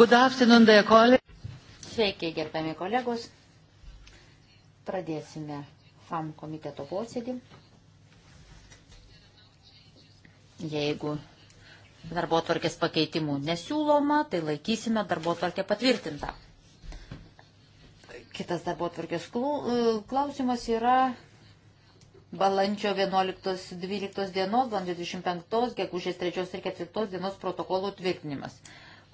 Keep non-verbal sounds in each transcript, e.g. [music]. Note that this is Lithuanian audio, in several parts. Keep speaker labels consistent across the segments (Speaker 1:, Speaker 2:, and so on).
Speaker 1: Good afternoon, dear colleagues. Sveiki, gerbiami kolegos. Pradėsime FAM komiteto posėdį. Jeigu darbo tvarkės pakeitimų nesiūloma, tai laikysime darbo tvarkę patvirtintą. Kitas darbo tvarkės e, klausimas yra balandžio 11-12 dienos, balandžio 25, gegužės 3 ir 4 dienos protokolų tvirtinimas.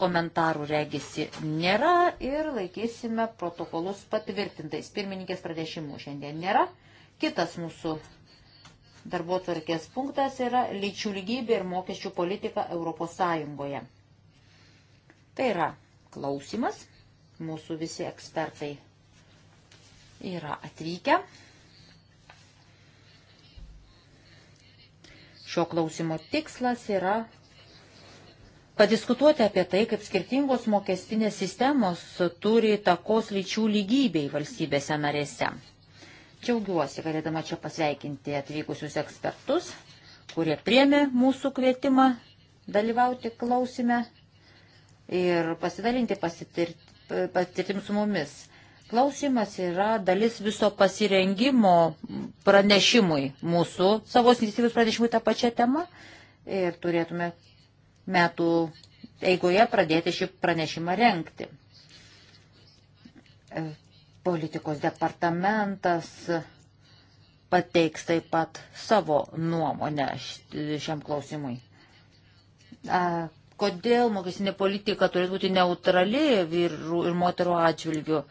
Speaker 1: Komentarų regisi nėra ir laikysime protokolus patvirtintais. Pirmininkės pradėšimų šiandien nėra. Kitas mūsų darbo tvarkės punktas yra lyčių lygybė ir mokesčių politika Europos Sąjungoje. Tai yra klausimas. Mūsų visi ekspertai yra atvykę. Šio klausimo tikslas yra padiskutuoti apie tai, kaip skirtingos mokestinės sistemos turi takos lyčių lygybei valstybėse narėse. Džiaugiuosi, galėdama čia pasveikinti atvykusius ekspertus, kurie priemė mūsų kvietimą dalyvauti klausime ir pasidalinti patirtim su mumis. Klausimas yra dalis viso pasirengimo pranešimui mūsų, savos iniciatyvus pranešimui tą pačią temą ir turėtume metų eigoje pradėti šį pranešimą renkti. E, politikos departamentas pateiks taip pat savo nuomonę šiam klausimui. Kodėl mokestinė politika turėtų būti neutrali vyrų ir moterų atžvilgių?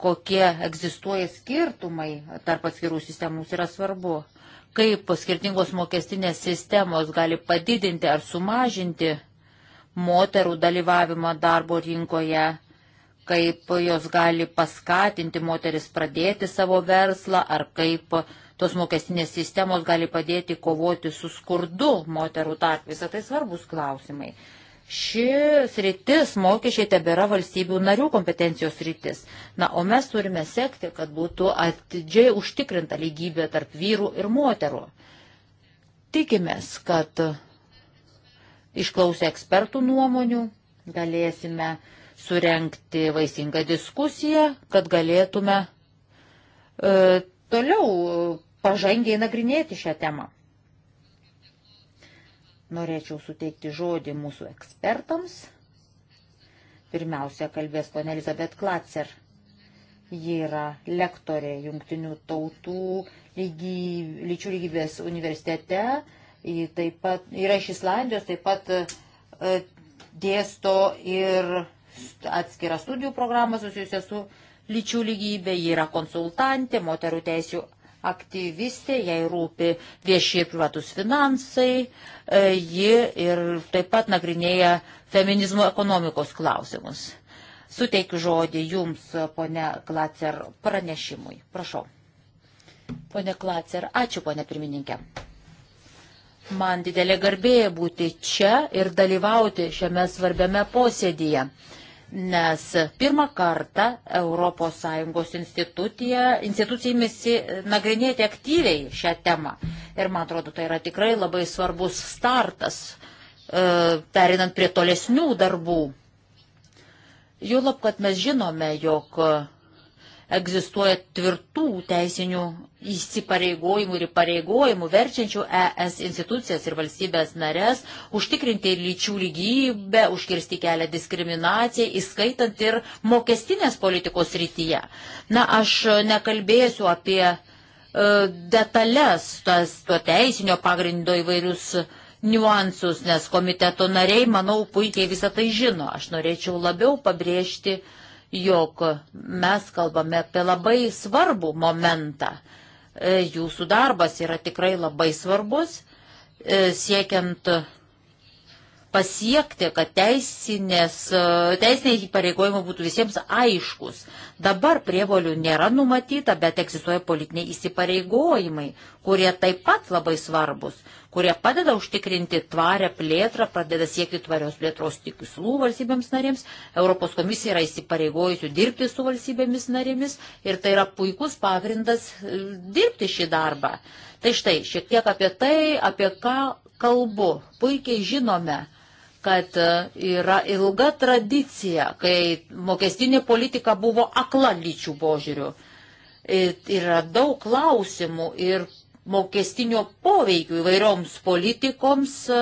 Speaker 1: Kokie egzistuoja skirtumai tarp atskirų sistemų yra svarbu kaip skirtingos mokestinės sistemos gali padidinti ar sumažinti moterų dalyvavimą darbo rinkoje, kaip jos gali paskatinti moteris pradėti savo verslą, ar kaip tos mokestinės sistemos gali padėti kovoti su skurdu moterų tarp. Visą tai svarbus klausimai. Šis rytis mokesčiai tebėra valstybių narių kompetencijos rytis. Na, o mes turime sekti, kad būtų atidžiai užtikrinta lygybė tarp vyrų ir moterų. Tikimės, kad išklausę ekspertų nuomonių galėsime surenkti vaisingą diskusiją, kad galėtume e, toliau pažangiai nagrinėti šią temą. Norėčiau suteikti žodį mūsų ekspertams. Pirmiausia, kalbės ponė Elizabeth Klatzer. Ji yra lektorė Junktinių tautų lygy, lyčių lygybės universitete. Ji taip pat yra iš Islandijos, taip pat e, dėsto ir atskirą studijų programą susijusią su lyčių lygybė. Ji yra konsultantė, moterų teisų aktyvistė, jai rūpi vieši ir privatus finansai, e, ji ir taip pat nagrinėja feminizmo ekonomikos klausimus. Suteikiu žodį jums, ponia Glacer, pranešimui. Prašau. Pone Glacer, ačiū, ponia pirmininkė. Man didelė garbė būti čia ir dalyvauti šiame svarbiame posėdyje nes pirmą kartą ES institucija įmėsi nagrinėti aktyviai šią temą. Ir man atrodo, tai yra tikrai labai svarbus startas, e, perinant prie tolesnių darbų. Jūlab, kad mes žinome, jog egzistuoja tvirtų teisinių įsipareigojimų ir įpareigojimų verčiančių ES institucijas ir valstybės narės užtikrinti lyčių lygybę, užkirsti kelią diskriminacijai, įskaitant ir mokestinės politikos rytyje. Na, aš nekalbėsiu apie e, detalės tas, to teisinio pagrindo įvairius niuansus, nes komiteto nariai, manau, puikiai visą tai žino. Aš norėčiau labiau pabrėžti, uh, jog mes kalbame apie labai svarbų momentą. E, jūsų darbas yra tikrai labai svarbus, e, siekiant pasiekti, kad teisinės, e, teisiniai įpareigojimai būtų visiems aiškus. Dabar prievolių nėra numatyta, bet egzistuoja politiniai įsipareigojimai, kurie taip pat labai svarbus, kurie padeda užtikrinti tvarę plėtrą, pradeda siekti tvarios plėtros tikslų valstybėms narėms. Europos komisija yra įsipareigojusi dirbti su valstybėmis narėmis ir tai yra puikus pagrindas e, dirbti šį darbą. Tai štai, šiek tiek apie tai, apie ką kalbu. Puikiai žinome, kad e, yra ilga tradicija, kai mokestinė politika buvo akla lyčių požiūrių. E, yra daug klausimų ir mokestinio poveikio įvairioms politikoms e,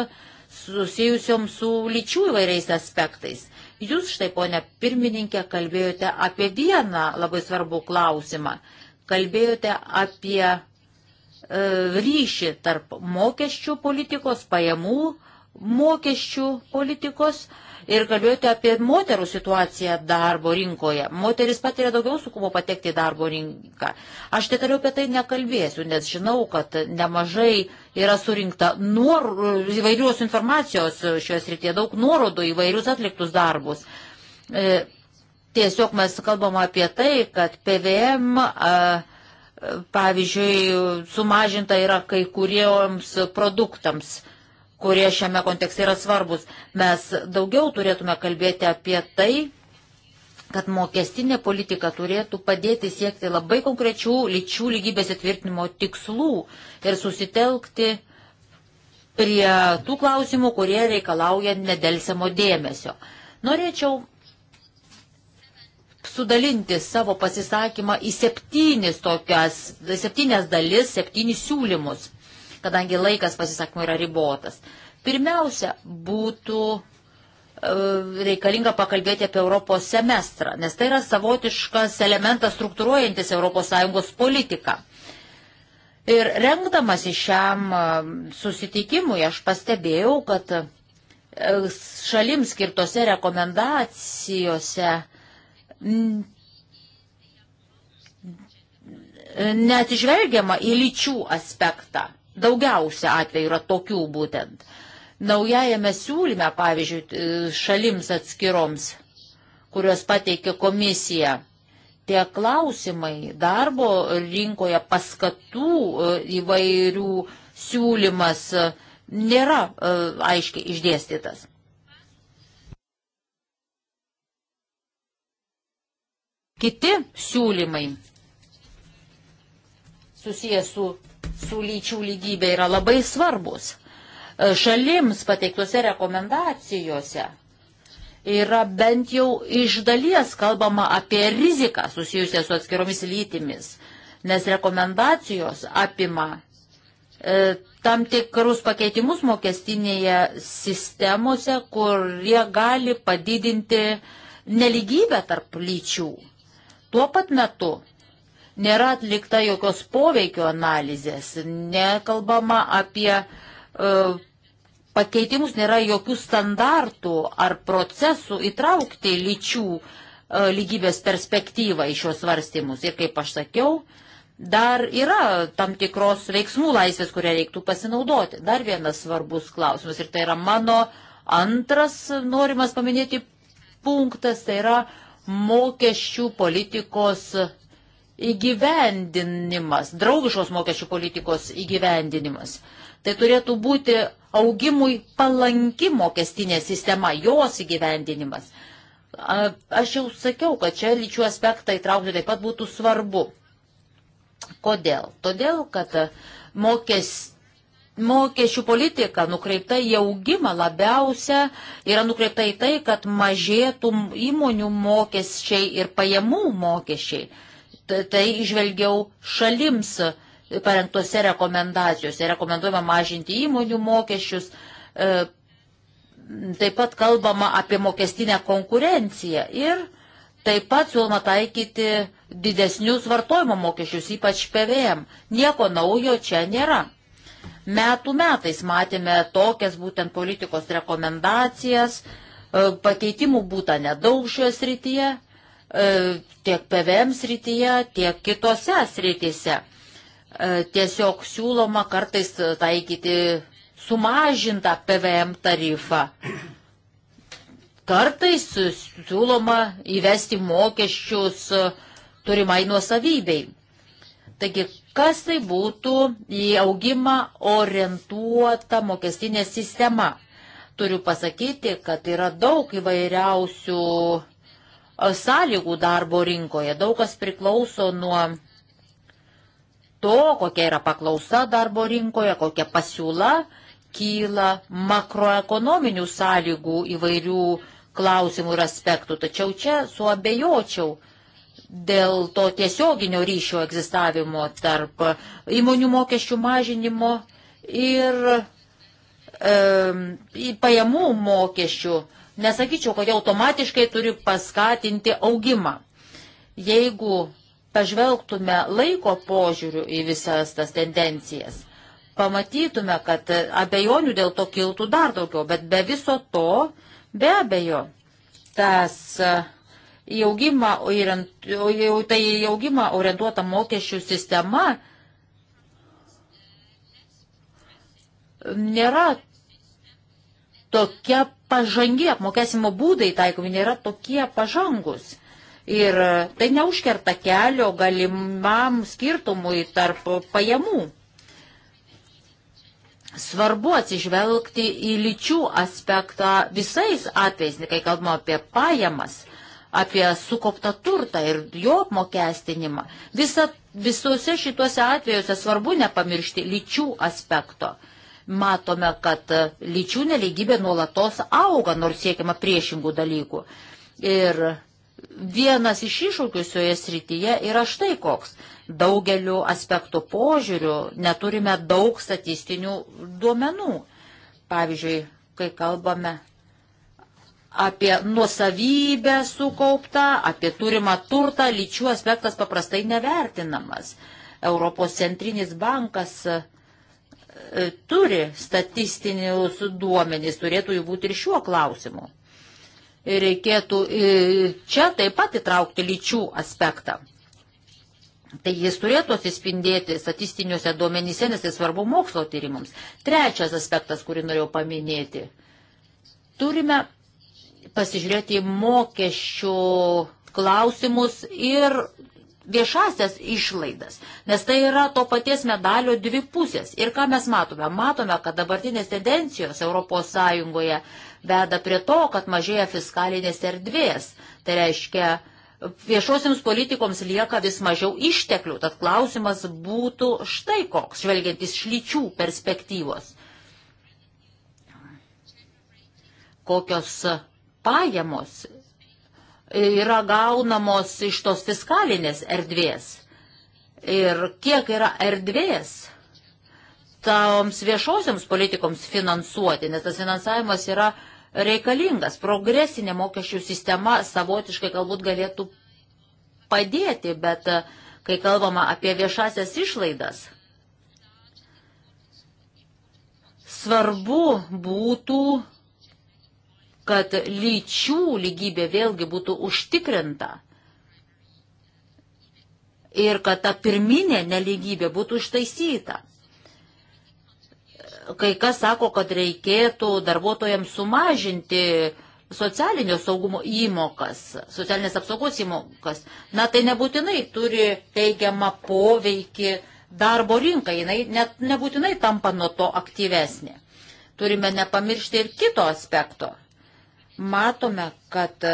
Speaker 1: susijusioms su lyčių įvairiais aspektais. Jūs štai, ponia pirmininkė, kalbėjote apie vieną labai svarbų klausimą. Kalbėjote apie e, ryšį tarp mokesčių politikos, pajamų mokesčių politikos ir kalbėjote apie moterų situaciją darbo rinkoje. Moteris patiria daugiau sukumo patekti į darbo rinką. Aš detaliau apie tai nekalbėsiu, nes žinau, kad nemažai yra surinkta nuor... įvairios informacijos šioje srityje, daug nuorodų įvairius atliktus darbus. E, tiesiog mes kalbam apie tai, kad PVM. E, Pavyzdžiui, sumažinta yra kai kuriems produktams kurie šiame kontekste yra svarbus. Mes daugiau turėtume kalbėti apie tai, kad mokestinė politika turėtų padėti siekti labai konkrečių lyčių lygybės įtvirtinimo tikslų ir susitelkti prie tų klausimų, kurie reikalauja nedelsiamo dėmesio. Norėčiau sudalinti savo pasisakymą į septynis tokias, septynias dalis, septynis siūlymus kadangi laikas pasisakymų yra ribotas. Pirmiausia, būtų e, reikalinga pakalbėti apie Europos semestrą, nes tai yra savotiškas elementas struktūruojantis ES politiką. Ir rengdamas į šiam e, susitikimui aš pastebėjau, kad e, šalims skirtose rekomendacijose neatsižvelgiama į lyčių aspektą. Daugiausia atveju yra tokių būtent. Naujajame siūlyme, pavyzdžiui, šalims atskiroms, kurios pateikė komisija, tie klausimai darbo rinkoje paskatų e, įvairių siūlymas e, nėra e, aiškiai išdėstytas. Kiti siūlymai susijęs su su lyčių lygybė yra labai svarbus. E, šalims pateiktose rekomendacijose yra bent jau iš dalies kalbama apie riziką susijusią su atskiromis lytimis, nes rekomendacijos apima e, tam tikrus pakeitimus mokestinėje sistemose, kurie gali padidinti neligybę tarp lyčių. Tuo pat metu Nėra atlikta jokios poveikio analizės, nekalbama apie uh, pakeitimus, nėra jokių standartų ar procesų įtraukti lyčių uh, lygybės perspektyvą į šios svarstymus. Ir kaip aš sakiau, dar yra tam tikros veiksmų laisvės, kurią reiktų pasinaudoti. Dar vienas svarbus klausimas ir tai yra mano antras norimas paminėti punktas, tai yra mokesčių politikos įgyvendinimas, draugiškos mokesčių politikos įgyvendinimas. Tai turėtų būti augimui palanki mokestinė sistema, jos įgyvendinimas. Aš jau sakiau, kad čia lyčių aspektą įtraukti taip pat būtų svarbu. Kodėl? Todėl, kad mokes, mokesčių politika nukreipta į augimą labiausia yra nukreipta į tai, kad mažėtų įmonių mokesčiai ir pajamų mokesčiai tai išvelgiau šalims parengtose rekomendacijose. Rekomenduojama mažinti įmonių mokesčius, e, taip pat kalbama apie mokestinę konkurenciją ir taip pat siūloma taikyti didesnius vartojimo mokesčius, ypač PVM. Nieko naujo čia nėra. Metų metais matėme tokias būtent politikos rekomendacijas, e, pakeitimų būta nedaug šioje srityje, E, tiek PVM srityje, tiek kitose srityse. E, tiesiog siūloma kartais taikyti sumažintą PVM tarifą. Kartais siūloma įvesti mokesčius turimai nuosavybei. Taigi, kas tai būtų į augimą orientuota mokestinė sistema? Turiu pasakyti, kad yra daug įvairiausių sąlygų darbo rinkoje. Daug kas priklauso nuo to, kokia yra paklausa darbo rinkoje, kokia pasiūla kyla makroekonominių sąlygų įvairių klausimų ir aspektų. Tačiau čia suabejočiau dėl to tiesioginio ryšio egzistavimo tarp įmonių mokesčių mažinimo ir e, pajamų mokesčių Nesakyčiau, kad jie automatiškai turi paskatinti augimą. Jeigu pažvelgtume laiko požiūrių į visas tas tendencijas, pamatytume, kad abejonių dėl to kiltų dar daugiau, bet be viso to, be abejo, tas e, į augimą, tai į augimą orientuota mokesčių sistema nėra tokia pažangi apmokesimo būdai taikomi nėra tokie pažangus. Ir e, tai neužkerta kelio galimam skirtumui tarp pajamų. Svarbu atsižvelgti į lyčių aspektą visais atvejais, kai kalbame apie pajamas, apie sukauptą turtą ir jo apmokestinimą. Visa, visuose šituose atvejuose svarbu nepamiršti lyčių aspekto. Uh, matome, kad lyčių neligybė nuolatos auga, nors siekiama priešingų dalykų. Ir vienas iš iššūkių šioje srityje yra štai koks. Daugeliu aspektų požiūrių neturime daug statistinių duomenų. Pavyzdžiui, kai kalbame apie nuosavybę sukauptą, apie turimą turtą, lyčių aspektas paprastai nevertinamas. Europos centrinis bankas E, turi statistinius duomenys, turėtų jų būti ir šiuo klausimu. Ir reikėtų čia taip pat įtraukti lyčių aspektą. Tai jis turėtų atsispindėti statistiniuose duomenyse, nes tai svarbu mokslo tyrimams. Trečias aspektas, kurį norėjau paminėti. Turime pasižiūrėti į mokesčių klausimus ir viešasias išlaidas, nes tai yra to paties medalio dvi pusės. Ir ką mes matome? Matome, kad dabartinės tendencijos ES veda prie to, kad mažėja fiskalinės erdvės. Tai reiškia, viešosiams politikoms lieka vis mažiau išteklių, tad klausimas būtų štai koks, žvelgiant iš lyčių perspektyvos. Kokios pajamos yra gaunamos iš tos fiskalinės erdvės ir kiek yra erdvės toms viešosioms politikoms finansuoti, nes tas finansavimas yra reikalingas. Progresinė mokesčių sistema savotiškai galbūt galėtų padėti, bet e, kai kalbama apie viešasias išlaidas, svarbu būtų kad lyčių lygybė vėlgi būtų užtikrinta ir kad ta pirminė neligybė būtų ištaisyta. Kai kas sako, kad reikėtų darbuotojams sumažinti socialinio saugumo įmokas, socialinės apsaugos įmokas. Na tai nebūtinai turi teigiamą poveikį darbo rinkai, jinai net nebūtinai tampa nuo to aktyvesnė. Turime nepamiršti ir kito aspekto matome, kad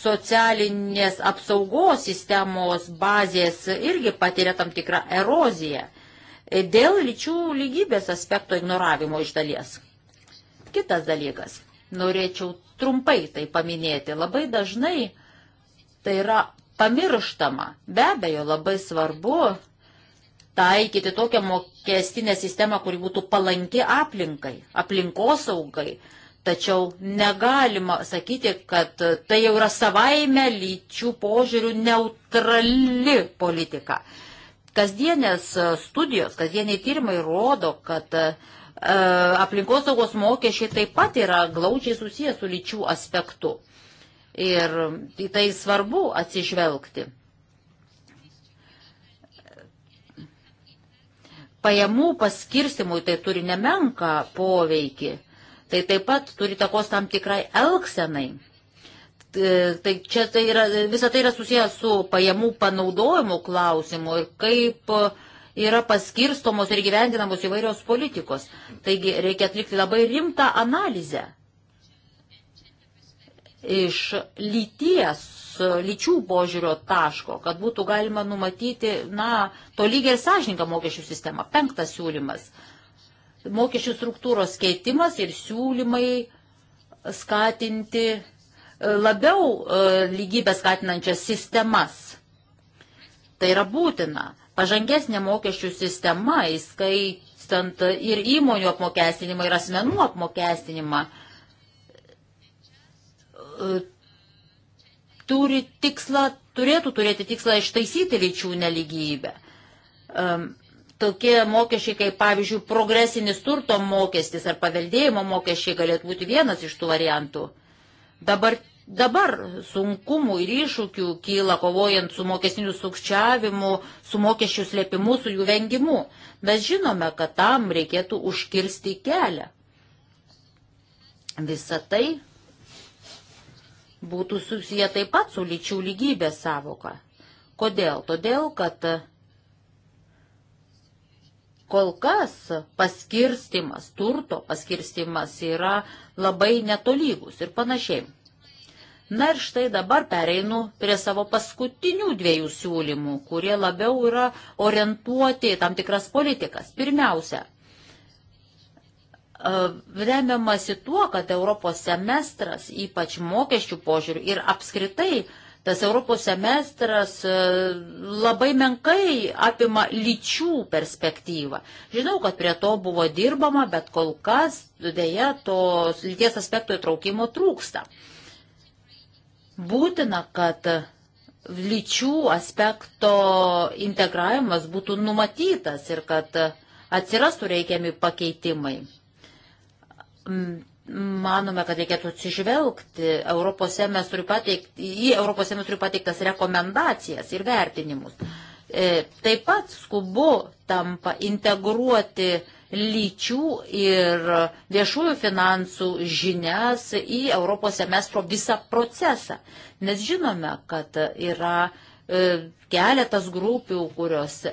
Speaker 1: socialinės apsaugos sistemos bazės irgi patiria tam tikrą eroziją dėl lyčių lygybės aspekto ignoravimo iš dalies. Kitas dalykas, norėčiau trumpai tai paminėti, labai dažnai tai yra pamirštama. Be abejo, labai svarbu taikyti tokią mokestinę sistemą, kuri būtų palanki aplinkai, aplinkosaugai, Tačiau negalima sakyti, kad tai jau yra savaime lyčių požiūrių neutrali politika. Kasdienės studijos, kasdieniai tyrimai rodo, kad e, aplinkosaugos mokesčiai taip pat yra glaučiai susijęs su lyčių aspektu. Ir į tai svarbu atsižvelgti. Pajamų paskirstimui tai turi nemenka poveikį tai taip pat turi takos tam tikrai elgsenai. Tai čia tai yra, visa tai yra susijęs su pajamų panaudojimu klausimu ir kaip e, yra paskirstomos ir gyvendinamos įvairios politikos. Taigi reikia atlikti labai rimtą analizę iš lyties, e, lyčių požiūrio taško, kad būtų galima numatyti, na, to lygiai ir sąžininką mokesčių sistemą. Penktas siūlymas mokesčių struktūros keitimas ir siūlymai skatinti e, labiau e, lygybę skatinančias sistemas. Tai yra būtina. Pažangesnė mokesčių sistema, įskaitant ir įmonių apmokestinimą, ir asmenų apmokestinimą, e, turi tikslą, turėtų turėti tikslą ištaisyti lyčių neligybę. Um, tokie mokesčiai, kaip pavyzdžiui, progresinis turto mokestis ar paveldėjimo mokesčiai galėtų būti vienas iš tų variantų. Dabar, dabar sunkumų ir iššūkių kyla kovojant su mokesniu sukčiavimu, su mokesčių slėpimu, su jų vengimu. Mes žinome, kad tam reikėtų užkirsti kelią. Visą tai būtų susiję taip pat su lyčių lygybės savoka. Kodėl? Todėl, kad Kol kas paskirstimas, turto paskirstimas yra labai netolygus ir panašiai. Na ir štai dabar pereinu prie savo paskutinių dviejų siūlymų, kurie labiau yra orientuoti į tam tikras politikas. Pirmiausia, e, remiamasi tuo, kad Europos semestras, ypač mokesčių požiūrių ir apskritai tas Europos semestras e, labai menkai apima lyčių perspektyvą. Žinau, kad prie to buvo dirbama, bet kol kas dėja to lyties aspekto įtraukimo trūksta. Būtina, kad lyčių aspekto integravimas būtų numatytas ir kad atsirastų reikiami pakeitimai. Mm, manome, kad reikėtų atsižvelgti Europos pateikt, į Europos semestrų pateiktas rekomendacijas ir vertinimus. E, taip pat skubu tampa integruoti lyčių ir viešųjų finansų žinias į Europos semestro visą procesą. Nes žinome, kad yra e, keletas grupių, kurios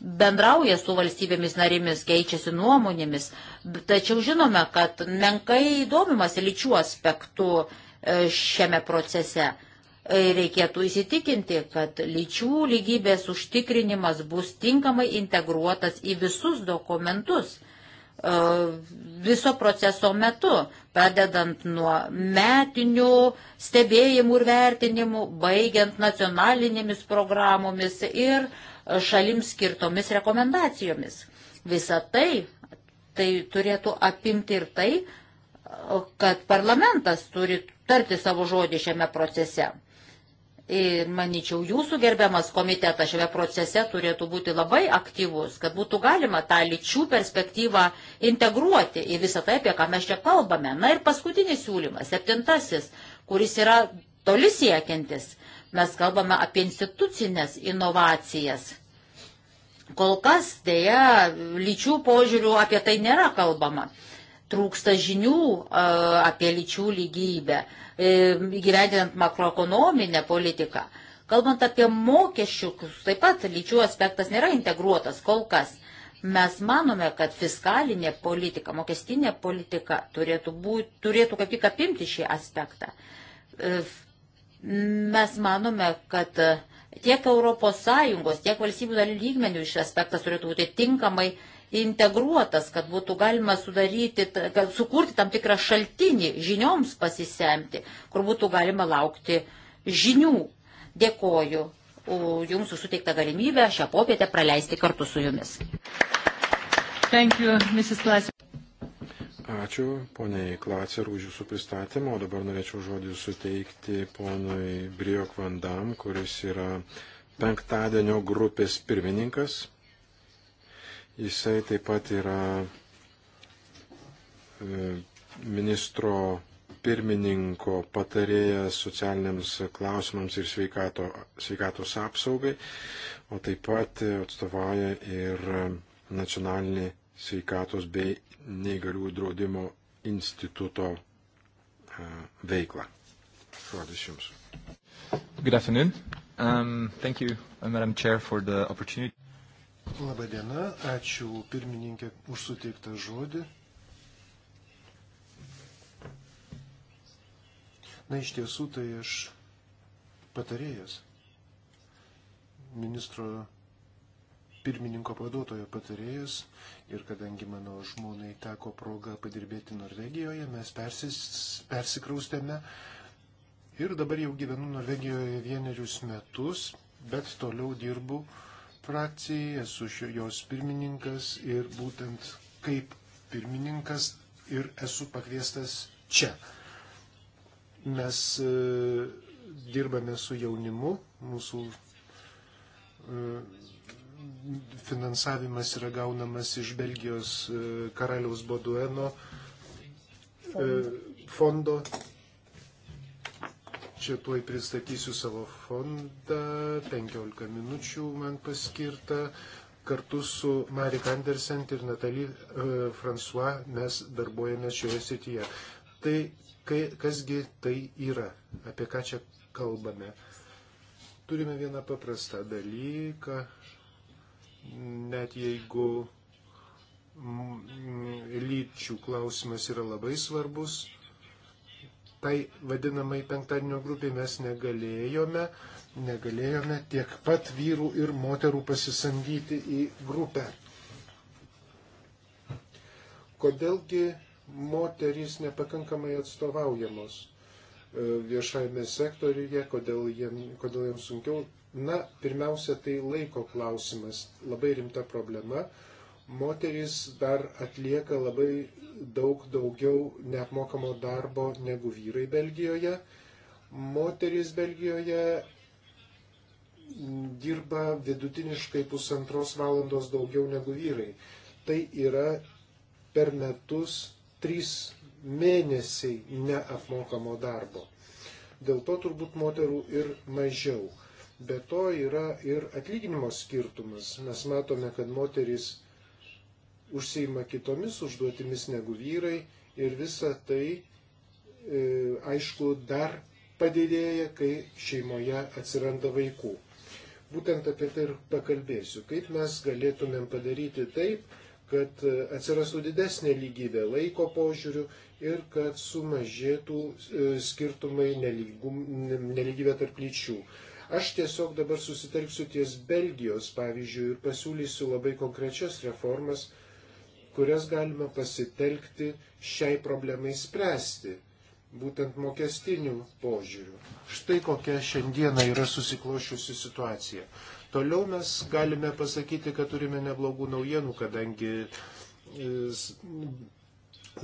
Speaker 1: bendrauja su valstybėmis narimis, keičiasi nuomonėmis, Tačiau žinome, kad menkai domimas lyčių aspektų e, šiame procese. E, reikėtų įsitikinti, kad lyčių lygybės užtikrinimas bus tinkamai integruotas į visus dokumentus e, viso proceso metu, pradedant nuo metinių stebėjimų ir vertinimų, baigiant nacionalinėmis programomis ir šalims skirtomis rekomendacijomis. Visa tai tai turėtų apimti ir tai, kad parlamentas turi tarti savo žodį šiame procese. Ir manyčiau, jūsų gerbiamas komitetas šiame procese turėtų būti labai aktyvus, kad būtų galima tą lyčių perspektyvą integruoti į visą tai, apie ką mes čia kalbame. Na ir paskutinis siūlymas, septintasis, kuris yra toli siekiantis. Mes kalbame apie institucinės inovacijas. Kol kas dėja lyčių požiūrių apie tai nėra kalbama. Trūksta žinių e, apie lyčių lygybę, e, gyvendinant makroekonominę politiką. Kalbant apie mokesčius, taip pat lyčių aspektas nėra integruotas kol kas. Mes manome, kad fiskalinė politika, mokestinė politika turėtų, būt, turėtų kaip tik apimti šį aspektą. E, mes manome, kad Tiek ES, tiek valstybių dalių lygmenių šis aspektas turėtų būti tinkamai integruotas, kad būtų galima sudaryti, kad sukurti tam tikrą šaltinį žinioms pasisemti, kur būtų galima laukti žinių. Dėkoju Jums už suteiktą galimybę šią popietę praleisti kartu su Jumis. Thank you, Mrs.
Speaker 2: Klasik. Ačiū poniai Klacer už jūsų pristatymą, o dabar norėčiau žodį suteikti ponui Briok Vandam, kuris yra penktadienio grupės pirmininkas. Jisai taip pat yra e, ministro pirmininko patarėjas socialiniams klausimams ir sveikato, sveikatos apsaugai, o taip pat atstovauja ir nacionalinį sveikatos bei neįgaliųjų draudimo instituto e, veiklą. Žodis Jums.
Speaker 1: Good afternoon. Um, thank you, uh, Madam Chair, for the opportunity.
Speaker 3: Labą dieną, ačiū pirmininkė už suteiktą žodį. Na iš tiesų tai aš patarėjas ministro pirmininko pavaduotojo patarėjas ir kadangi mano žmonai teko proga padirbėti Norvegijoje, mes persis, persikraustėme ir dabar jau gyvenu Norvegijoje vienerius metus, bet toliau dirbu frakcijai, esu jos pirmininkas ir būtent kaip pirmininkas ir esu pakviestas čia. Mes e, dirbame su jaunimu, mūsų e, finansavimas yra gaunamas iš Belgijos e, karaliaus Bodueno e, fondo. Čia tuoj pristatysiu savo fondą, 15 minučių man paskirta. Kartu su Marik Andersen ir Natalie e, François mes darbuojame šioje srityje. Tai kai, kasgi tai yra, apie ką čia kalbame? Turime vieną paprastą dalyką, net jeigu lyčių klausimas yra labai svarbus, tai vadinamai penktadienio grupiai mes negalėjome, negalėjome tiek pat vyrų ir moterų pasisamdyti į grupę. Kodėlgi moterys nepakankamai atstovaujamos e, viešajame sektoriuje, kodėl jiems, kodėl jiems sunkiau Na, pirmiausia, tai laiko klausimas. Labai rimta problema. Moterys dar atlieka labai daug daugiau neapmokamo darbo negu vyrai Belgijoje. Moterys Belgijoje dirba vidutiniškai pusantros valandos daugiau negu vyrai. Tai yra per metus trys mėnesiai neapmokamo darbo. Dėl to turbūt moterų ir mažiau Be to yra ir atlyginimo skirtumas. Mes matome, kad moteris užseima kitomis užduotimis negu vyrai ir visa tai, e, aišku, dar padidėja, kai šeimoje atsiranda vaikų. Būtent apie tai ir pakalbėsiu, kaip mes galėtumėm padaryti taip, kad e, atsirastų didesnė lygybė laiko požiūrių ir kad sumažėtų e, skirtumai nelygybė tarp lyčių. Aš tiesiog dabar susitelksiu ties Belgijos pavyzdžių ir pasiūlysiu labai konkrečias reformas, kurias galima pasitelkti šiai problemai spręsti, būtent mokestinių požiūrių. Štai kokia šiandieną yra susiklošiusi situacija. Toliau mes galime pasakyti, kad turime neblogų naujienų, kadangi e,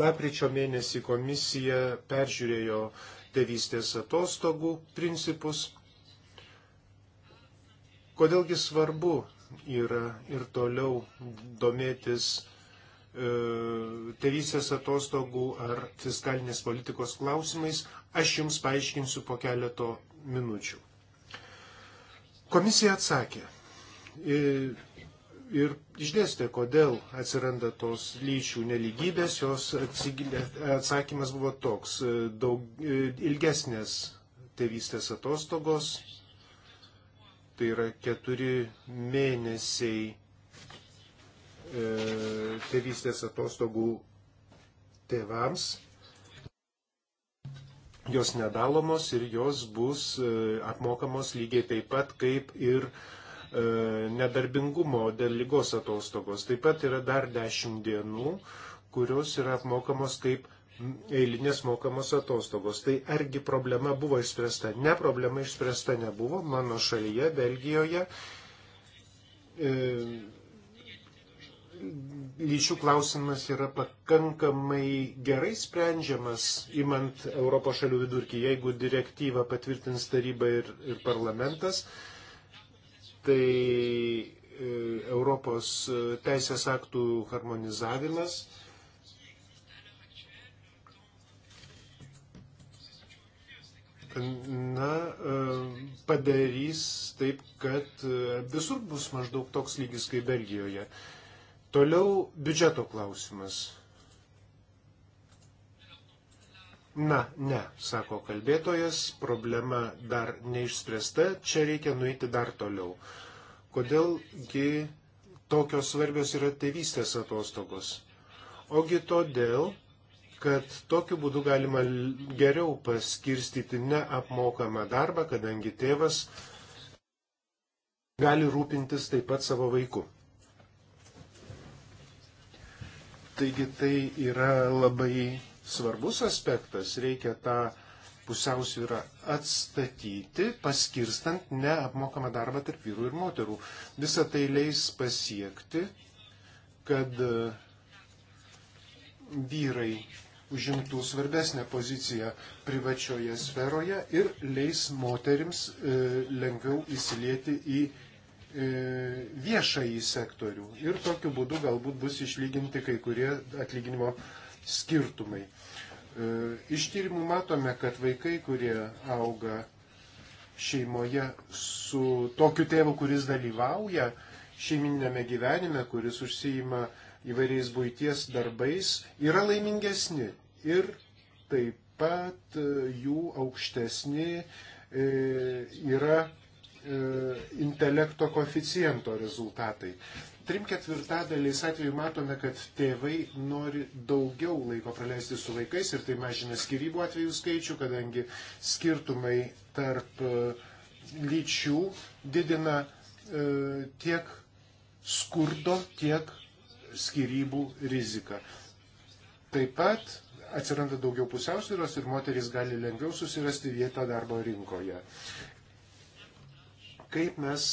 Speaker 3: lapkričio mėnesį komisija peržiūrėjo tėvystės atostogų principus Kodėlgi svarbu yra ir toliau domėtis e, tėvysės atostogų ar fiskalinės politikos klausimais, aš jums paaiškinsiu po keleto minučių. Komisija atsakė ir, e, ir išdėstė, kodėl atsiranda tos lyčių neligybės, jos atsakymas buvo toks e, daug, ilgesnės tėvystės atostogos, tai yra keturi mėnesiai e, tėvystės atostogų tėvams. Jos nedalomos ir jos bus e, apmokamos lygiai taip pat kaip ir e, nedarbingumo dėl lygos atostogos. Taip pat yra dar 10 dienų, kurios yra apmokamos kaip eilinės mokamos atostogos. Tai argi problema buvo išspręsta? Ne, problema išspręsta nebuvo. Mano šalyje, Belgijoje, e, lyčių klausimas yra pakankamai gerai sprendžiamas, imant Europos šalių vidurkį. Jeigu direktyvą patvirtins taryba ir, ir parlamentas, tai e, Europos teisės aktų harmonizavimas na, e, padarys taip, kad e, visur bus maždaug toks lygis kaip Belgijoje. Toliau biudžeto klausimas. Na, ne, sako kalbėtojas, problema dar neišspręsta, čia reikia nueiti dar toliau. Kodėlgi tokios svarbios yra tėvystės atostogos? Ogi todėl, kad tokiu būdu galima geriau paskirstyti neapmokamą darbą, kadangi tėvas gali rūpintis taip pat savo vaiku. Taigi tai yra labai svarbus aspektas, reikia tą pusiausvyrą atstatyti, paskirstant neapmokamą darbą tarp vyrų ir moterų. Visą tai leis pasiekti, kad vyrai užimtų svarbesnę poziciją privačioje sferoje ir leis moterims e, lengviau įsilieti į e, viešąjį sektorių. Ir tokiu būdu galbūt bus išlyginti kai kurie atlyginimo skirtumai. E, iš tyrimų matome, kad vaikai, kurie auga šeimoje su tokiu tėvu, kuris dalyvauja šeiminėme gyvenime, kuris užsijima e, įvairiais būties darbais, yra laimingesni ir taip pat e, jų aukštesni e, yra e, intelekto koficiento rezultatai. Trim ketvirtadaliais atveju matome, kad tėvai nori daugiau laiko praleisti su vaikais ir tai mažina skirybų atvejų skaičių, kadangi skirtumai tarp lyčių didina tiek skurdo, tiek skirybų rizika. Taip pat atsiranda daugiau pusiausvyros ir moteris gali lengviau susirasti vietą darbo rinkoje. Kaip mes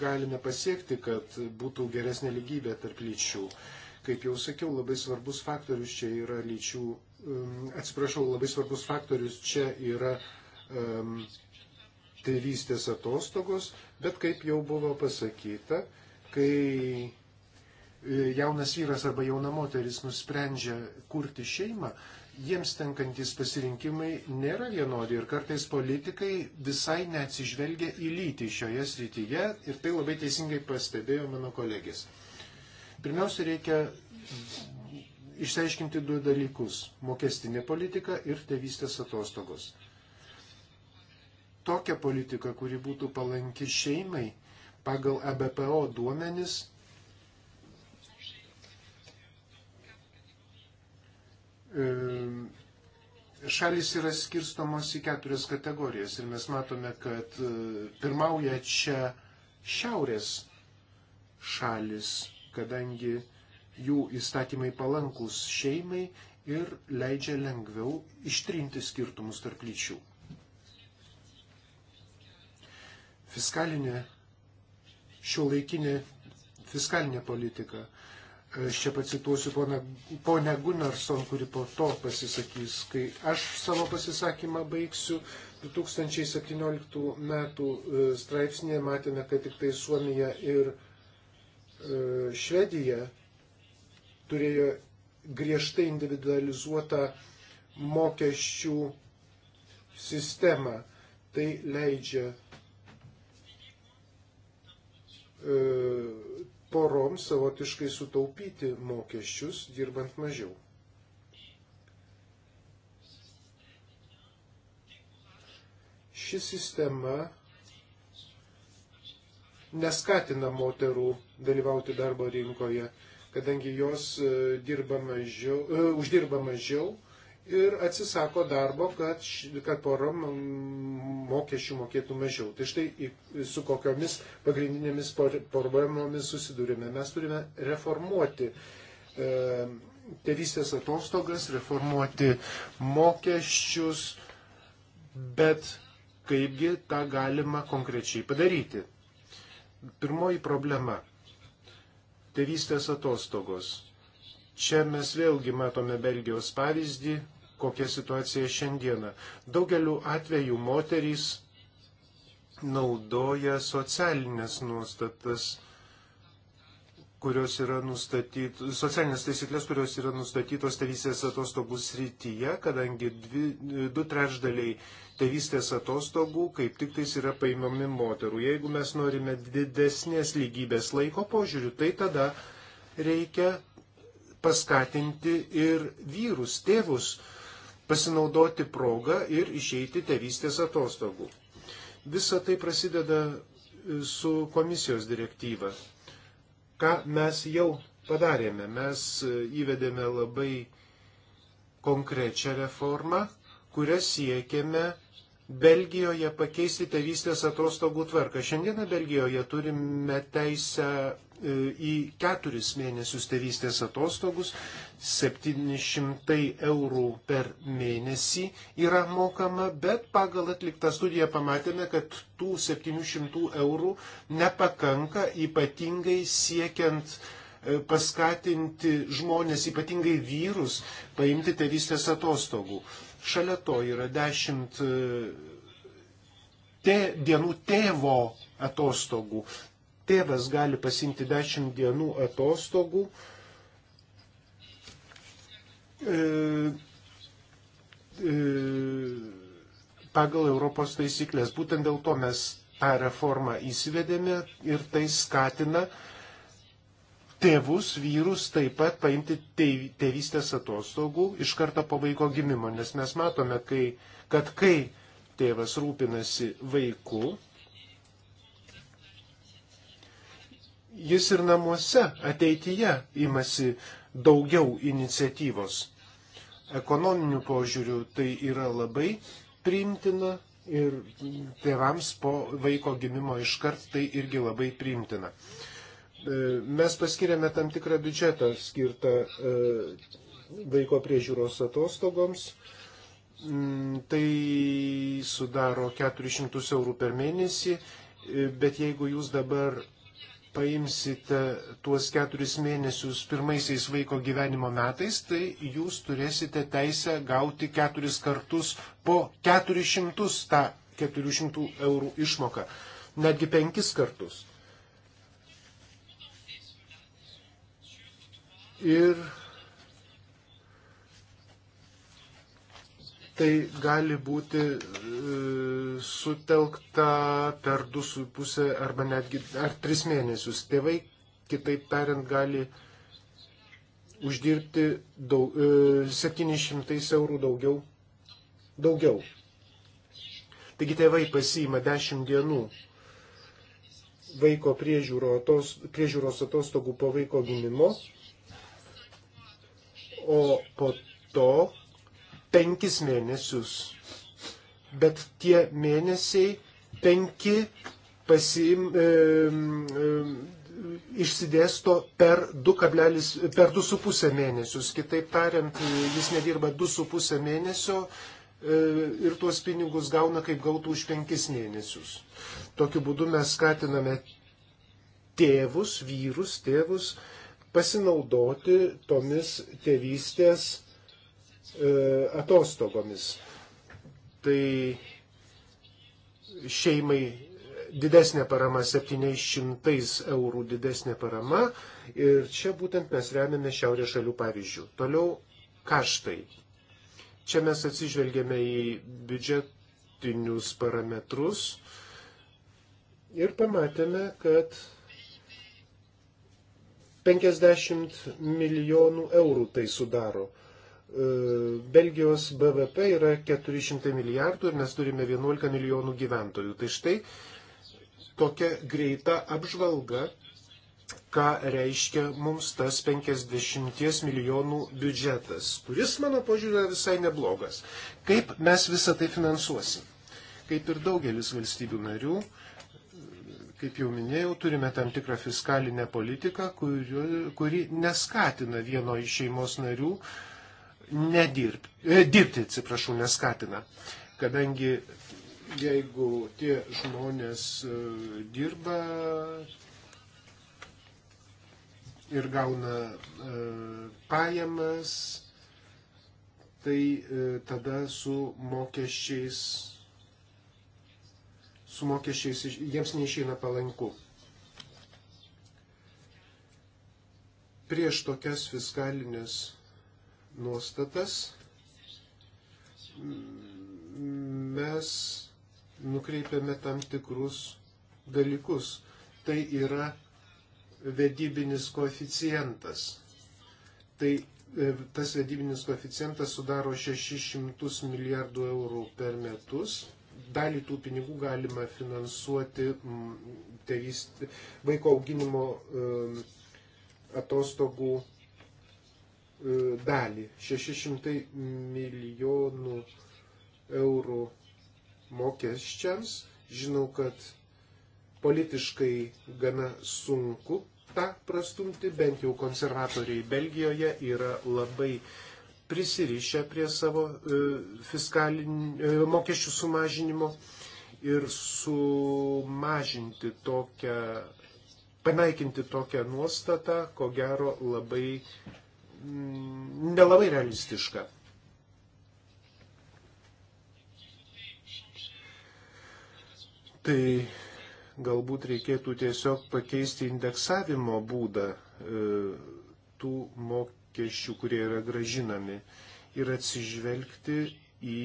Speaker 3: galime pasiekti, kad būtų geresnė lygybė tarp lyčių? Kaip jau sakiau, labai svarbus faktorius čia yra lyčių, um, atsiprašau, labai svarbus faktorius čia yra um, tėvystės atostogos, bet kaip jau buvo pasakyta, kai E, jaunas vyras arba jauna moteris nusprendžia kurti šeimą, jiems tenkantis pasirinkimai nėra vienodi ir kartais politikai visai neatsižvelgia į lytį šioje srityje ir tai labai teisingai pastebėjo mano kolegės. Pirmiausia, reikia išsiaiškinti du dalykus - mokestinė politika ir tėvystės atostogos. Tokia politika, kuri būtų palanki šeimai, pagal ABPO e duomenis šalis yra skirstomos į keturias kategorijas ir mes matome, kad e, pirmauja čia šiaurės šalis, kadangi jų įstatymai palankus šeimai ir leidžia lengviau ištrinti skirtumus tarp lyčių. Fiskalinė, šio laikinė fiskalinė politika Aš čia pacituosiu ponę Gunarson, kuri po to pasisakys, kai aš savo pasisakymą baigsiu. 2017 metų e, straipsnėje matėme, kad tik tai Suomija ir e, Švedija turėjo griežtai individualizuotą mokesčių sistemą. Tai leidžia e, poroms savotiškai sutaupyti mokesčius, dirbant mažiau. Ši sistema neskatina moterų dalyvauti darbo rinkoje, kadangi jos e, dirba mažiau, uh, uždirba mažiau ir atsisako darbo, kad, kad pora mokesčių mokėtų mažiau. Tai štai su kokiomis pagrindinėmis problemomis susidūrėme. Mes turime reformuoti e, tėvystės atostogas, reformuoti mokesčius, bet kaipgi tą galima konkrečiai padaryti. Pirmoji problema - tėvystės atostogos. Čia mes vėlgi matome Belgijos pavyzdį, kokia situacija šiandieną. Daugeliu atveju moterys naudoja socialinės nuostatas, kurios yra nustatytos, socialinės taisyklės, kurios yra nustatytos tėvystės atostogų srityje, kadangi dvi, du trečdaliai tėvystės atostogų kaip tik tais yra paimami moterų. Jeigu mes norime didesnės lygybės laiko požiūrių, tai tada reikia paskatinti ir vyrus, tėvus, uh, pasinaudoti progą ir išeiti tėvystės atostogų. Visa tai prasideda e, su komisijos direktyva. Ką mes jau padarėme? Mes e, įvedėme labai konkrečią reformą, kurią siekėme Belgijoje pakeisti tėvystės atostogų tvarką. Šiandieną Belgijoje turime teisę E, į keturis mėnesius tėvystės atostogus, 700 eurų per mėnesį yra mokama, bet pagal atliktą studiją pamatėme, kad tų 700 eurų nepakanka ypatingai siekiant e, paskatinti žmonės, ypatingai vyrus, paimti tėvystės atostogų. Šalia to yra 10 e, te, dienų tėvo atostogų tėvas gali pasimti 10 dienų atostogų. E, e, pagal Europos taisyklės. Būtent dėl to mes tą reformą įsivedėme ir tai skatina tėvus, vyrus taip pat paimti tėvystės atostogų iš karto po vaiko gimimo, nes mes matome, kai, kad kai tėvas rūpinasi vaiku, jis ir namuose ateityje imasi daugiau iniciatyvos. Ekonominių požiūrių tai yra labai priimtina ir tėvams po vaiko gimimo iškart tai irgi labai priimtina. E, mes paskiriame tam tikrą biudžetą skirtą e, vaiko priežiūros atostogoms. Mm, tai sudaro 400 eurų per mėnesį, e, bet jeigu jūs dabar paimsite tuos keturis mėnesius pirmaisiais vaiko gyvenimo metais, tai jūs turėsite teisę gauti keturis kartus po keturis šimtus tą keturių šimtų eurų išmoką, netgi penkis kartus. Ir tai gali būti e, sutelkta per 2,5 arba netgi ar 3 mėnesius. Tėvai, kitaip tariant, gali uždirbti daug, 700 e, eurų daugiau. daugiau. Taigi tėvai pasiima 10 dienų vaiko priežiūros, priežiūros atostogų po vaiko gimimo, o po to penkis mėnesius. Bet tie mėnesiai penki pasiim, e, e, išsidėsto per 2,5 mėnesius. Kitaip tariant, jis nedirba 2,5 mėnesio e, ir tuos pinigus gauna kaip gautų už 5 mėnesius. Tokiu būdu mes skatiname tėvus, vyrus, tėvus pasinaudoti tomis tėvystės E, atostogomis. Tai šeimai didesnė parama 700 eurų didesnė parama ir čia būtent mes remiame šiaurės šalių pavyzdžių. Toliau kaštai. Čia mes atsižvelgėme į biudžetinius parametrus ir pamatėme, kad 50 milijonų eurų tai sudaro. E, Belgijos BVP yra 400 milijardų ir mes turime 11 milijonų gyventojų. Tai štai tokia greita apžvalga, ką reiškia mums tas 50 milijonų biudžetas, kuris, mano požiūrė, visai neblogas. Kaip mes visą tai finansuosim? Kaip ir daugelis valstybių narių, kaip jau minėjau, turime tam tikrą fiskalinę politiką, kuri, kuri neskatina vieno iš šeimos narių uh, nedirbti, e, dirbti, atsiprašau, neskatina. Kadangi jeigu tie žmonės e, dirba ir gauna e, pajamas, tai e, tada su mokesčiais, su mokesčiais jiems neišeina palanku. Prieš tokias fiskalinės nuostatas mes nukreipiame tam tikrus dalykus. Tai yra vedybinis koeficientas. Tai e, tas vedybinis koeficientas sudaro 600 milijardų eurų per metus. Dalį tų pinigų galima finansuoti tėvystė, vaiko auginimo e, atostogų E, dalį 600 milijonų eurų mokesčiams. Žinau, kad politiškai gana sunku tą prastumti, bent jau konservatoriai Belgijoje yra labai prisirišę prie savo e, fiskalinių e, mokesčių sumažinimo ir sumažinti tokią, panaikinti tokią nuostatą, ko gero labai nelabai realistiška. Tai galbūt reikėtų tiesiog pakeisti indeksavimo būdą e, tų mokesčių, kurie yra gražinami ir atsižvelgti į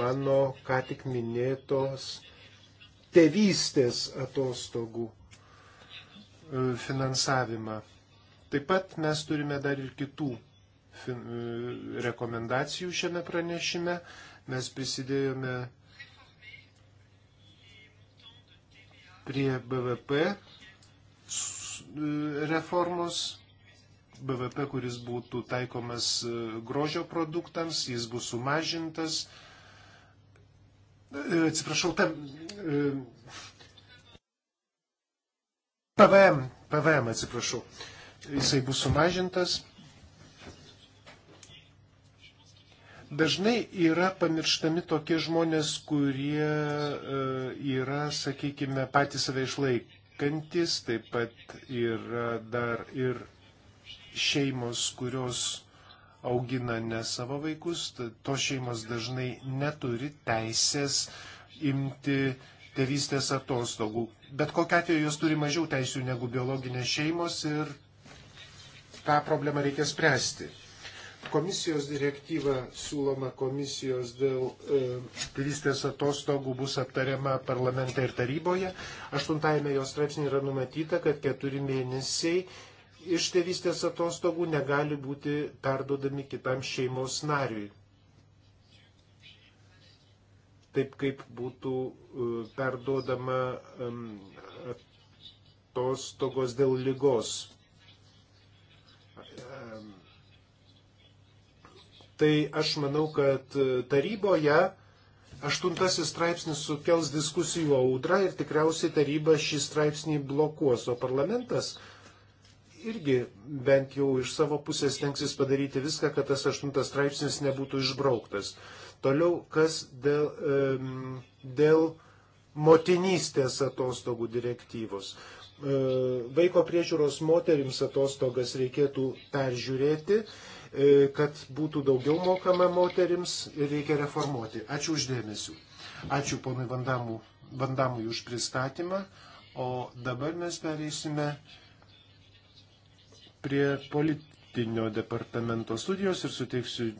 Speaker 3: mano ką tik minėtos tėvystės atostogų finansavimą. Taip pat mes turime dar ir kitų e, rekomendacijų šiame pranešime. Mes prisidėjome prie BVP e, reformos, BVP, kuris būtų taikomas e, grožio produktams, jis bus sumažintas. Atsiprašau, tam PVM, PVM atsiprašau, jisai bus sumažintas. Dažnai yra pamirštami tokie žmonės, kurie e, yra, sakykime, patys save išlaikantis, taip pat yra dar ir šeimos, kurios augina ne savo vaikus, tos šeimos dažnai neturi teisės imti uh, tėvystės atostogų. Bet kokia atveju jos turi mažiau teisių negu biologinės šeimos ir tą problemą reikia spręsti. Komisijos direktyva siūloma komisijos dėl e, tėvystės atostogų bus aptariama parlamente ir taryboje. Aštuntajame jos straipsnė yra numatyta, kad keturi mėnesiai iš tėvystės atostogų negali būti perdodami kitam šeimos nariui taip kaip būtų e, perduodama atostogos dėl lygos. Tai aš manau, kad e, taryboje aštuntasis straipsnis sukels diskusijų audrą ir tikriausiai taryba šį straipsnį blokuos, o parlamentas irgi bent jau iš savo pusės tenksis padaryti viską, kad tas aštuntas straipsnis nebūtų išbrauktas. Toliau, kas dėl, dėl motinystės atostogų direktyvos. E, vaiko priežiūros moterims atostogas reikėtų peržiūrėti, e, kad būtų daugiau mokama moterims ir reikia reformuoti. Ačiū uždėmesiu. Ačiū ponui Vandamui, Vandamui už pristatymą. O dabar mes pereisime prie politinio departamento studijos ir suteiksiu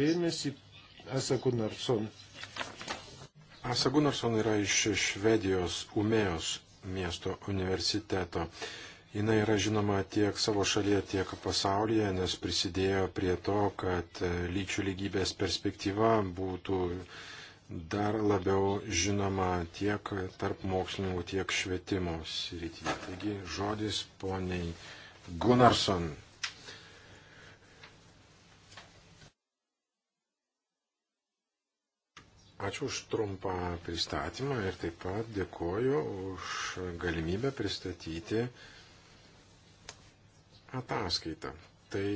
Speaker 3: dėmesį Asa Gunnarsson. Asa Gunnarsson yra iš Švedijos
Speaker 2: Umėjos miesto universiteto. Jis yra žinoma tiek savo šalyje, tiek pasaulyje, nes prisidėjo prie to, kad lyčių lygybės perspektyva būtų dar labiau žinoma tiek tarp mokslininkų, tiek švietimo srityje. Taigi žodis poniai Gunnarsson. ačiū už trumpą pristatymą ir taip pat dėkoju už galimybę pristatyti ataskaitą. Tai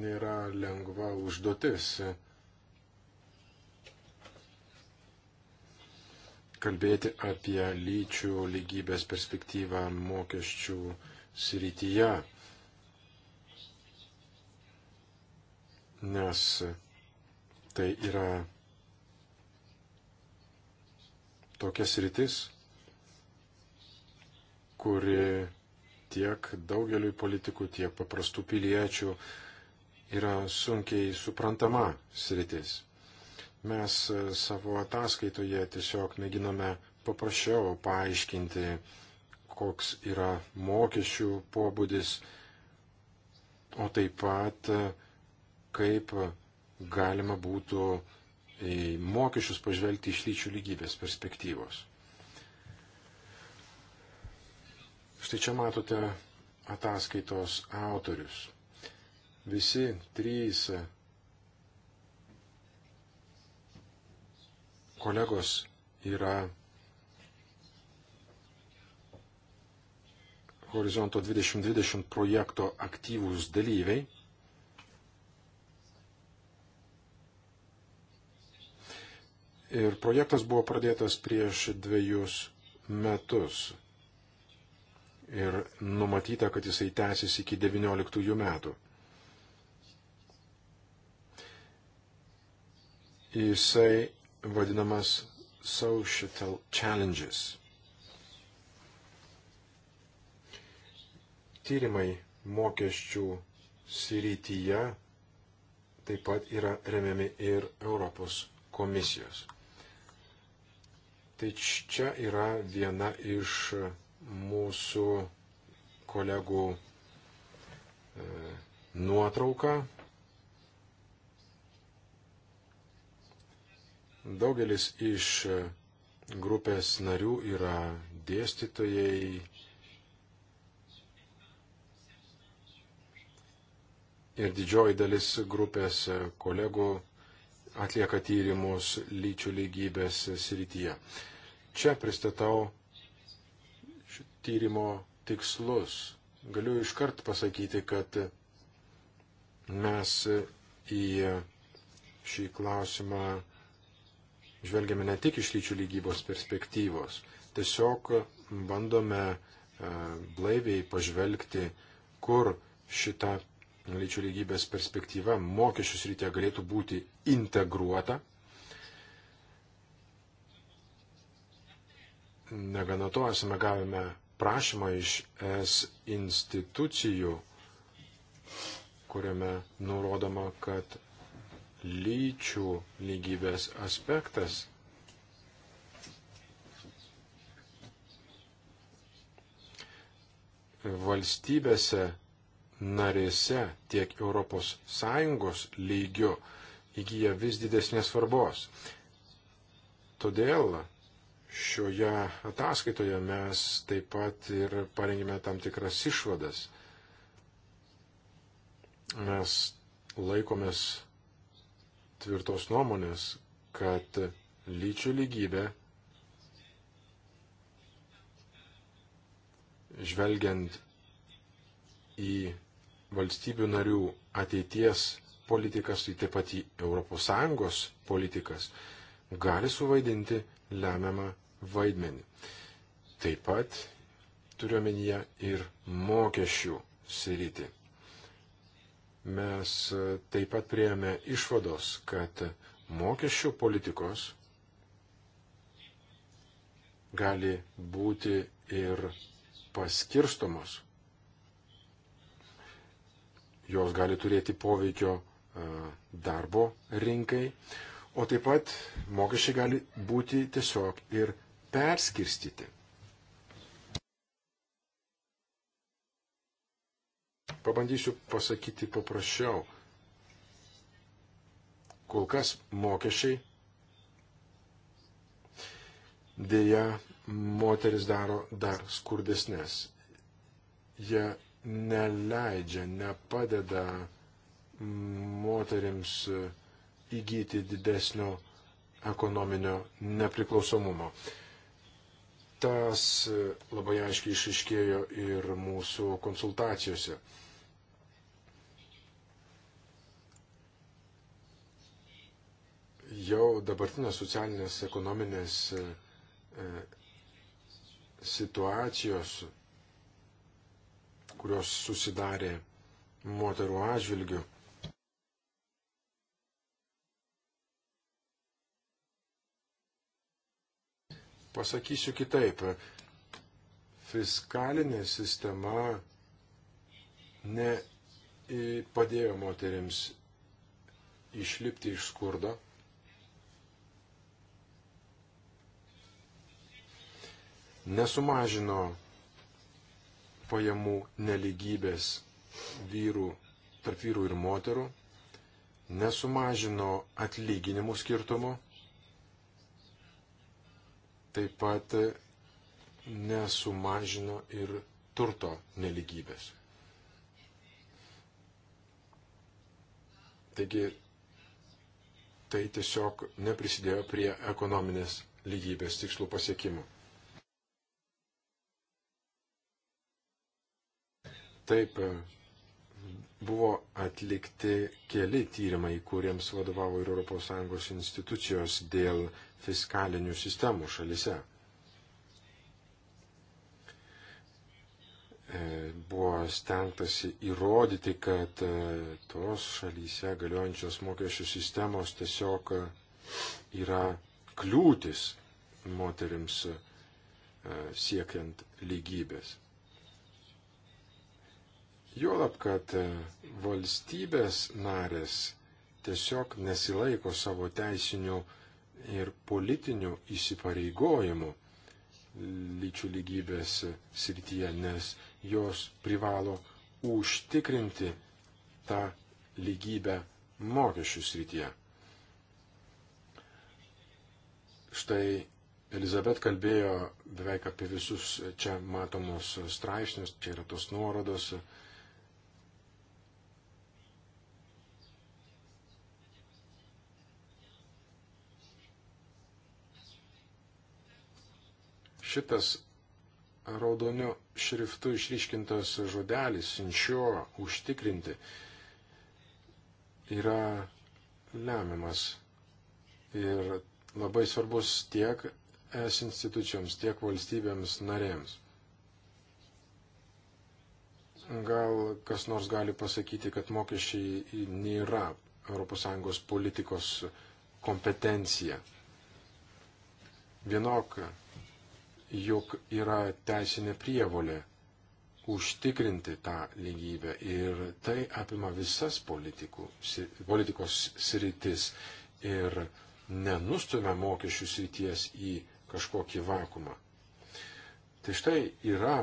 Speaker 2: nėra lengva užduotis kalbėti apie lyčių lygybės perspektyvą mokesčių srityje. Nes tai yra tokias rytis, kuri tiek daugeliui politikų, tiek paprastų piliečių yra sunkiai suprantama sritis. Mes e, savo ataskaitoje tiesiog mėginame paprasčiau paaiškinti, koks yra mokesčių pobūdis, o taip pat e, kaip galima būtų į mokesčius pažvelgti iš lyčių lygybės perspektyvos. Štai čia matote ataskaitos autorius. Visi trys kolegos yra Horizonto 2020 projekto aktyvūs dalyviai Ir projektas buvo pradėtas prieš dviejus metus. Ir numatyta, kad jisai tęsis iki 19 metų. Jisai vadinamas Social Challenges. Tyrimai mokesčių srityje taip pat yra remiami ir Europos komisijos. Tai čia yra viena iš mūsų kolegų e, nuotrauka. Daugelis iš grupės narių yra dėstytojai, ir didžioji dalis grupės kolegų atlieka tyrimus lyčių lygybės srityje. Čia pristatau tyrimo tikslus. Galiu iškart pasakyti, kad mes į šį klausimą žvelgiame ne tik iš lyčių lygybos perspektyvos, tiesiog bandome e, blaiviai pažvelgti, kur šita lyčių lygybės perspektyva mokesčių srityje galėtų būti integruota Negana to, esame gavę prašymą iš es institucijų, kuriame nurodoma, kad lyčių lygybės aspektas valstybėse narėse tiek ES lygiu įgyja vis didesnės svarbos. Todėl Šioje ataskaitoje mes taip pat ir parengėme tam tikras išvadas. Mes laikomės tvirtos nuomonės, kad lyčių lygybė, žvelgiant į valstybių narių ateities politikas, tai taip pat į ES politikas, gali suvaidinti lemiamą vaidmenį. Taip pat turiuomenyje ir mokesčių sritį. Mes e, taip pat prieėmė išvados, kad mokesčių politikos gali būti ir paskirstomos. Jos gali turėti poveikio e, darbo rinkai, o taip pat mokesčiai gali būti tiesiog ir perskirstyti. Pabandysiu pasakyti paprasčiau. Kol kas mokesčiai dėja moteris daro dar skurdesnės. Jie neleidžia, nepadeda moteriams įgyti didesnio ekonominio nepriklausomumo. Tas e, labai aiškiai išiškėjo ir mūsų konsultacijose. Jau dabartinės socialinės ekonominės e, e, situacijos, kurios susidarė moterų atžvilgių, Pasakysiu kitaip. Fiskalinė sistema ne padėjo moteriams išlipti iš skurdo. Nesumažino pajamų neligybės vyrų, tarp vyrų ir moterų, nesumažino atlyginimų skirtumo, taip pat nesumažino ir turto neligybės. Taigi tai tiesiog neprisidėjo prie ekonominės lygybės tikslų pasiekimų. Taip, buvo atlikti keli tyrimai, kuriems vadovavo ir ES institucijos dėl fiskalinių sistemų šalise. E, buvo stengtasi įrodyti, kad e, tos šalyse galiojančios mokesčių sistemos tiesiog yra kliūtis moteriams e, siekiant lygybės. Juolab, kad e, valstybės narės tiesiog nesilaiko savo teisinių ir politinių įsipareigojimų lyčių lygybės srityje, nes jos privalo užtikrinti tą lygybę mokesčių srityje. Štai Elizabet kalbėjo beveik apie visus čia matomus straipsnius, čia yra tos nuorodos, Šitas raudoniu šriftu išryškintas žodelis sinčio užtikrinti yra lemiamas ir labai svarbus tiek es institucijoms, tiek valstybėms narėms. Gal kas nors gali pasakyti, kad mokesčiai nėra ES politikos kompetencija. Vienok jog yra teisinė prievolė užtikrinti tą lygybę ir tai apima visas politikų, politikos sritis ir nenustumia mokesčių srities į kažkokį vakumą. Tai štai yra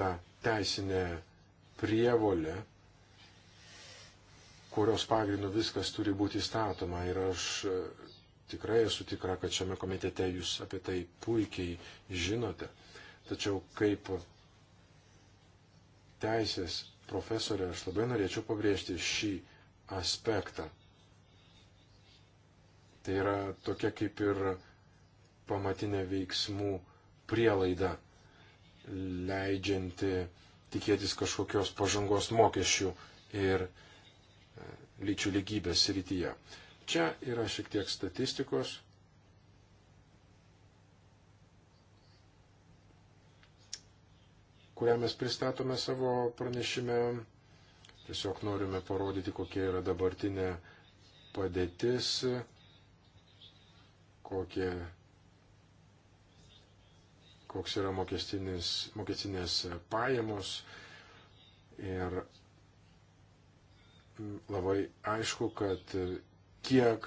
Speaker 2: ta teisinė prievolė, kurios pagrindų viskas turi būti statoma ir aš tikrai esu tikra, kad šiame komitete jūs apie tai puikiai žinote. Tačiau kaip teisės profesorė aš labai norėčiau pabrėžti šį aspektą. Tai yra tokia kaip ir pamatinė veiksmų prielaida, leidžianti tikėtis kažkokios pažangos mokesčių ir lyčių lygybės rytyje. Čia yra šiek tiek statistikos. kurią mes pristatome savo pranešime. Tiesiog norime parodyti, kokia yra dabartinė padėtis, kokie, koks yra mokestinės pajamos ir labai aišku, kad kiek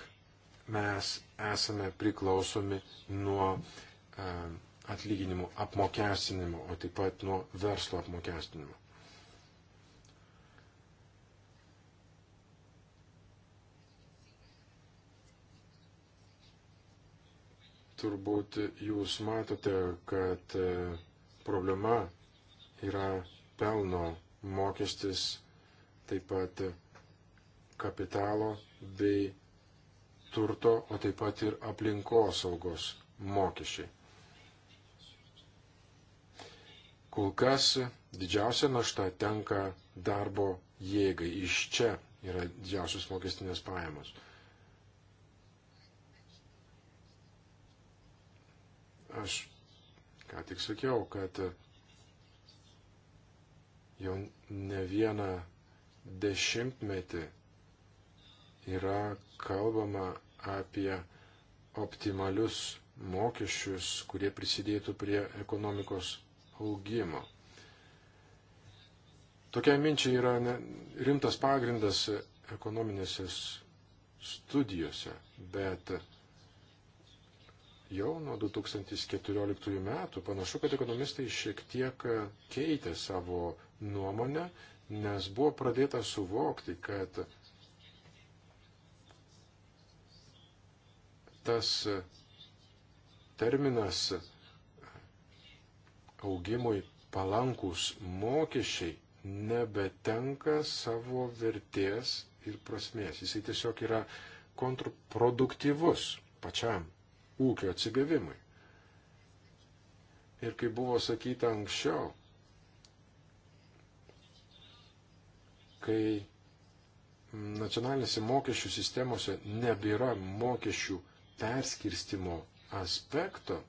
Speaker 2: mes esame priklausomi nuo e, atlyginimų apmokestinimo, o taip pat nuo verslo apmokestinimo. Turbūt jūs matote, kad e, problema yra pelno mokestis, taip pat kapitalo bei turto, o taip pat ir aplinkosaugos mokesčiai. Kol kas didžiausia našta tenka darbo jėgai. Iš čia yra didžiausios mokestinės pajamos. Aš ką tik sakiau, kad jau ne vieną dešimtmetį yra kalbama apie optimalius mokesčius, kurie prisidėtų prie ekonomikos augimo. Tokia minčia yra rimtas pagrindas ekonominėse studijose, bet jau nuo 2014 metų panašu, kad ekonomistai šiek tiek keitė savo nuomonę, nes buvo pradėta suvokti, kad tas terminas augimui palankūs mokesčiai nebetenka savo vertės ir prasmės. Jisai tiesiog yra kontraproduktyvus pačiam ūkio atsigavimui. Ir kaip buvo sakyta anksčiau, kai nacionalinėse mokesčių sistemose nebėra mokesčių perskirstimo aspekto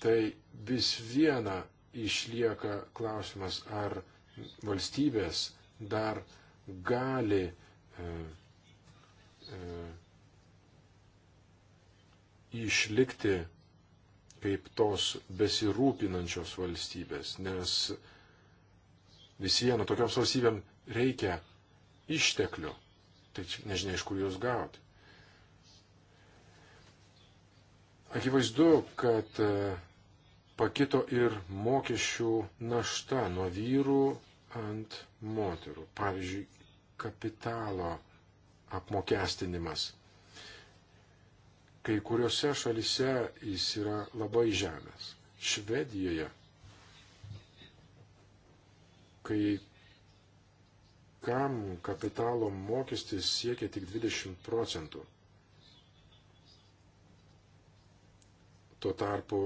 Speaker 2: tai vis viena išlieka klausimas, ar valstybės dar gali e, e, išlikti kaip tos besirūpinančios valstybės, nes Vis viena, nu, tokioms valstybėm reikia išteklių. Tai nežinia, iš kur juos gauti. Akivaizdu, kad e, pakito ir mokesčių našta nuo vyrų ant moterų. Pavyzdžiui, kapitalo apmokestinimas. Kai kuriuose šalise jis yra labai žemės. Švedijoje kai kam kapitalo mokestis siekia tik 20 procentų. Tuo tarpu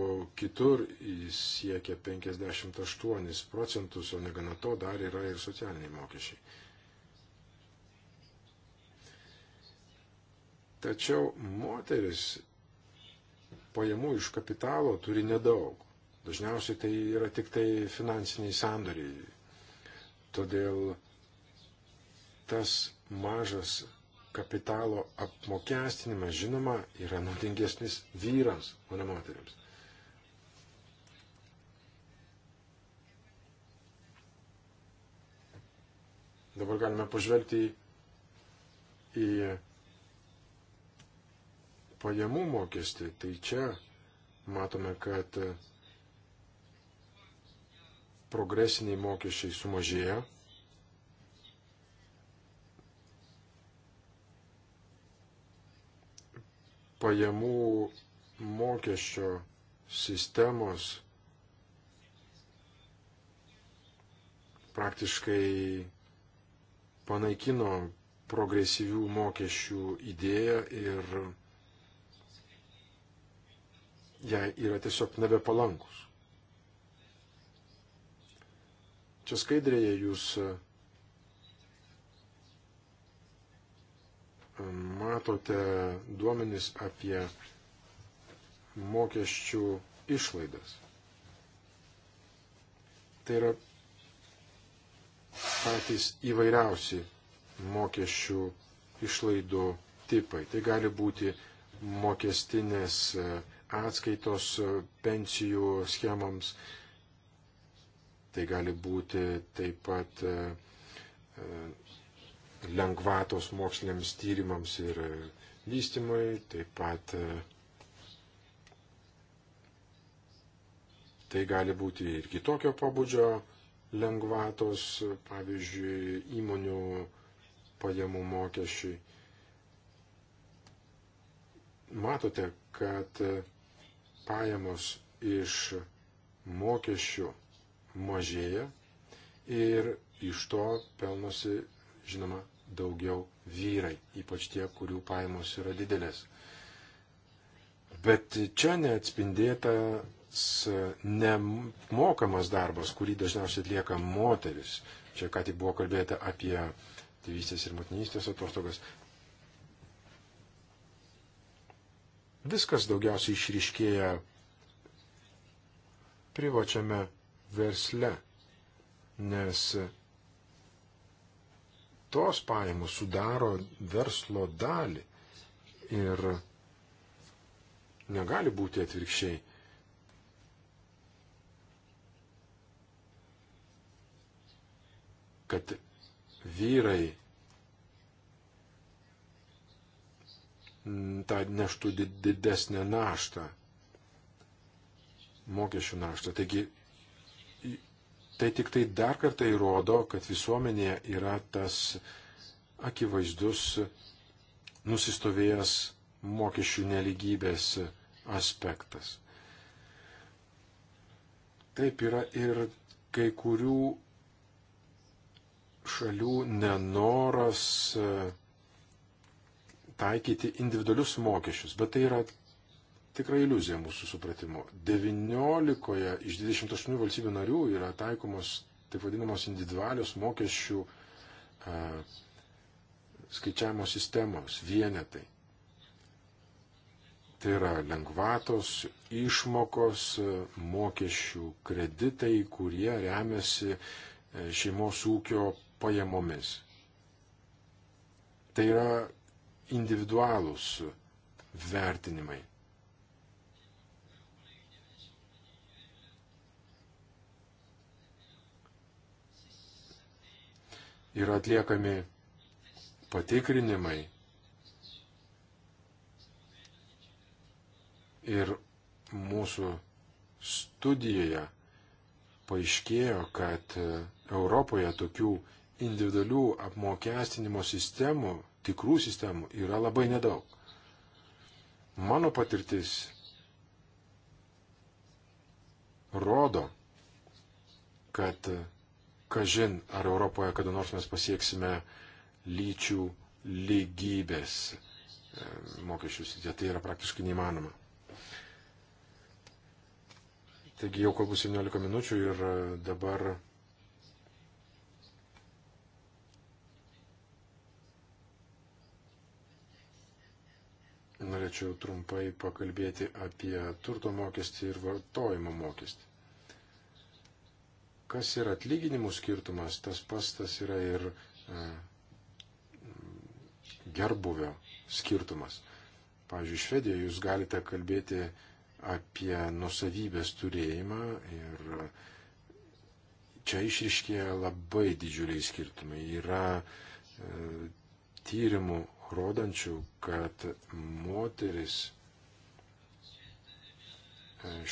Speaker 2: kitur jis siekia 58 procentus, o negana to dar yra ir socialiniai mokesčiai. Tačiau moteris pajamų iš kapitalo turi nedaug. Dažniausiai tai yra tik tai finansiniai sandoriai, Todėl tas mažas kapitalo apmokestinimas, žinoma, yra naudingesnis vyrams, o ne moteriams. Dabar galime pažvelgti į pajamų mokestį. Tai čia matome, kad progresiniai mokesčiai sumažėja. Pajamų mokesčio sistemos praktiškai panaikino progresyvių mokesčių idėją ir jai yra tiesiog nebepalankus. Čia skaidrėje jūs e, matote duomenis apie mokesčių išlaidas. Tai yra patys įvairiausi mokesčių išlaidų tipai. Tai gali būti mokestinės e, atskaitos e, pensijų schemams, Tai gali būti taip pat e, e, lengvatos moksliniams tyrimams ir vystimui, taip pat e, tai gali būti ir kitokio pobūdžio lengvatos, pavyzdžiui, įmonių pajamų mokesčiai. Matote, kad pajamos iš mokesčių mažėja ir iš to pelnosi, žinoma, daugiau vyrai, ypač tie, kurių pajamos yra didelės. Bet čia neatspindėtas e, nemokamas darbas, kurį dažniausiai atlieka moteris. Čia ką tik buvo kalbėta apie tėvystės ir motinystės atostogas. Viskas daugiausiai išryškėja privačiame versle, nes tos pajamos sudaro verslo dalį ir negali būti atvirkščiai. kad vyrai tą neštų didesnę naštą, mokesčių naštą. Taigi Tai tik tai dar kartą įrodo, kad visuomenėje yra tas akivaizdus nusistovėjęs mokesčių neligybės aspektas. Taip yra ir kai kurių šalių nenoras taikyti individualius mokesčius, bet tai yra tikra iliuzija mūsų supratimu. 19 iš 28 valstybių narių yra taikomos taip vadinamos individualios mokesčių a, e, skaičiavimo sistemos vienetai. Tai yra lengvatos, išmokos, mokesčių kreditai, kurie remiasi e, šeimos ūkio pajamomis. Tai yra individualūs vertinimai. yra atliekami patikrinimai ir mūsų studijoje paaiškėjo, kad Europoje tokių individualių apmokestinimo sistemų, tikrų sistemų yra labai nedaug. Mano patirtis rodo, kad Kažin, ar Europoje kada nors mes pasieksime lyčių lygybės e, mokesčių srityje. Tai yra praktiškai neįmanoma. Taigi jau kalbu 17 minučių ir e, dabar norėčiau trumpai pakalbėti apie turto mokestį ir vartojimo mokestį kas yra atlyginimų skirtumas, tas pastas yra ir e, gerbuvio skirtumas. Pavyzdžiui, Švedijoje jūs galite kalbėti apie nusavybės turėjimą ir e, čia išriškėja labai didžiuliai skirtumai. Yra e, tyrimų rodančių, kad moteris e,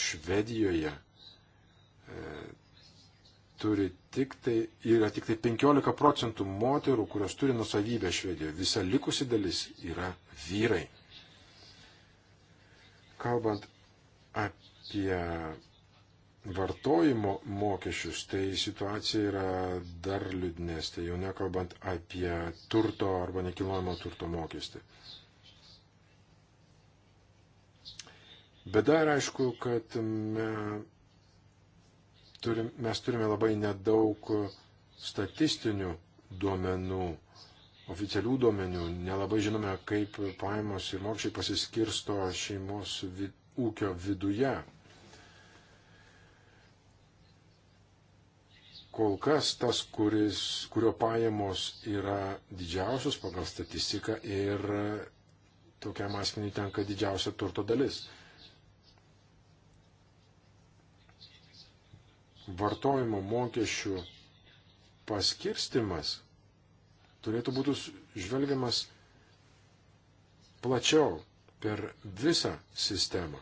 Speaker 2: Švedijoje e, turi tik tai, yra tik tai 15 procentų moterų, kurios turi nusavybę Švedijoje. Visa likusi dalis yra vyrai. Kalbant apie vartojimo mokesčius, tai situacija yra dar liūdnesnė, jau nekalbant apie turto arba nekilnojamo turto mokestį. Bėda yra aišku, kad me, turim, mes turime labai nedaug statistinių duomenų, oficialių duomenų, nelabai žinome, kaip pajamos ir mokesčiai pasiskirsto šeimos vid, ūkio viduje. Kol kas tas, kuris, kurio pajamos yra didžiausios pagal statistiką ir tokiam asmeniui tenka didžiausia turto dalis. vartojimo mokesčių paskirstimas turėtų būti žvelgiamas plačiau per visą sistemą.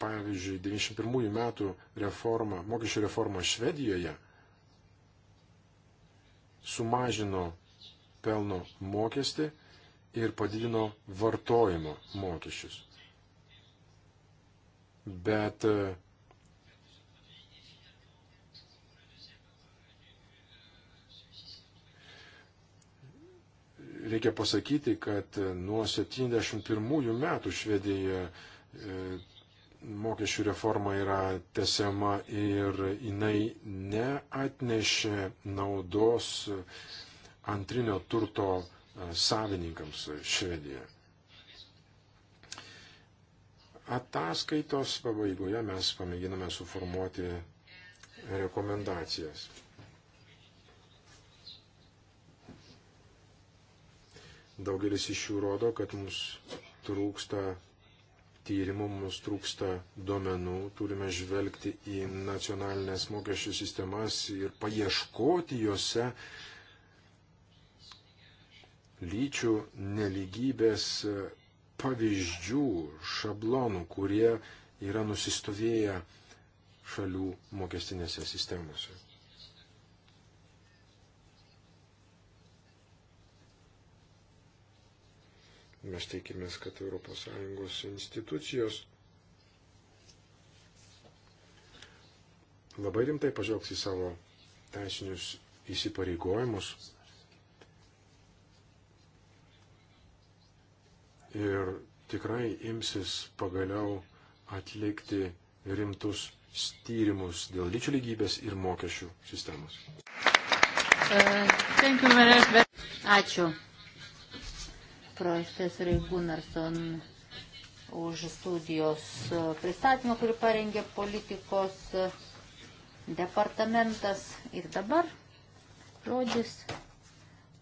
Speaker 2: Pavyzdžiui, 91 metų reforma, mokesčių reforma Švedijoje sumažino pelno mokestį ir padidino vartojimo mokesčius bet e, reikia pasakyti, kad nuo 71 metų Švedijoje mokesčių reforma yra tesiama ir jinai neatnešė naudos antrinio turto e, savininkams Švedijoje. Ataskaitos pabaigoje mes pamėginame suformuoti rekomendacijas. Daugelis iš jų rodo, kad mums trūksta tyrimų, mums trūksta duomenų, turime žvelgti į nacionalinės mokesčių sistemas ir paieškoti juose lyčių neligybės pavyzdžių, šablonų, kurie yra nusistovėję šalių mokestinėse sistemose. Mes teikimės, kad ES institucijos labai rimtai pažvelgs į savo teisinius įsipareigojimus ir tikrai imsis pagaliau atlikti rimtus tyrimus dėl lyčių lygybės ir mokesčių sistemos.
Speaker 1: Uh, Ačiū profesoriai Gunarson už studijos uh, pristatymą, kurį parengė politikos uh, departamentas. Ir dabar žodis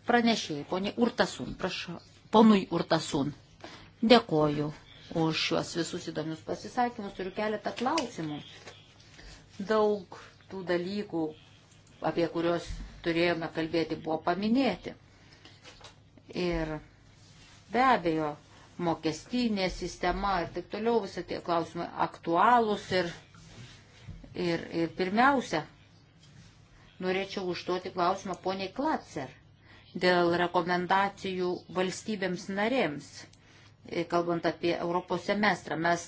Speaker 1: pranešėjai, poniai Urtasun, prašau, ponui Urtasun. Dėkoju už šiuos visus įdomius pasisakymus. Turiu keletą klausimų. Daug tų dalykų, apie kuriuos turėjome kalbėti, buvo paminėti. Ir be abejo, mokestinė sistema ir taip toliau visi tie klausimai aktualūs ir, ir, ir pirmiausia, norėčiau užduoti klausimą poniai Klatser dėl rekomendacijų valstybėms narėms E, kalbant apie Europos semestrą. Mes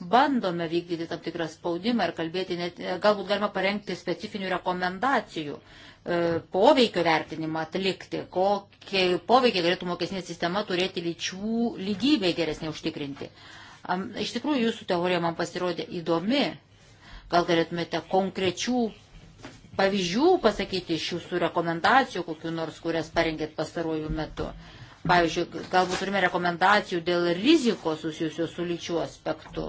Speaker 1: bandome vykdyti tam tikrą spaudimą ir kalbėti, net, e, galbūt galima parengti specifinių rekomendacijų, e, poveikio vertinimą atlikti, kokie poveikiai galėtų mokesnė sistema turėti lyčių lygybei geresnė užtikrinti. Iš tikrųjų, jūsų teorija man pasirodė įdomi. Gal galėtumėte konkrečių pavyzdžių pasakyti iš jūsų rekomendacijų, kokiu nors, kurias parengėt pastaruoju metu. Uh, Pavyzdžiui, galbūt turime rekomendacijų dėl rizikos susijusios su lyčių aspektu.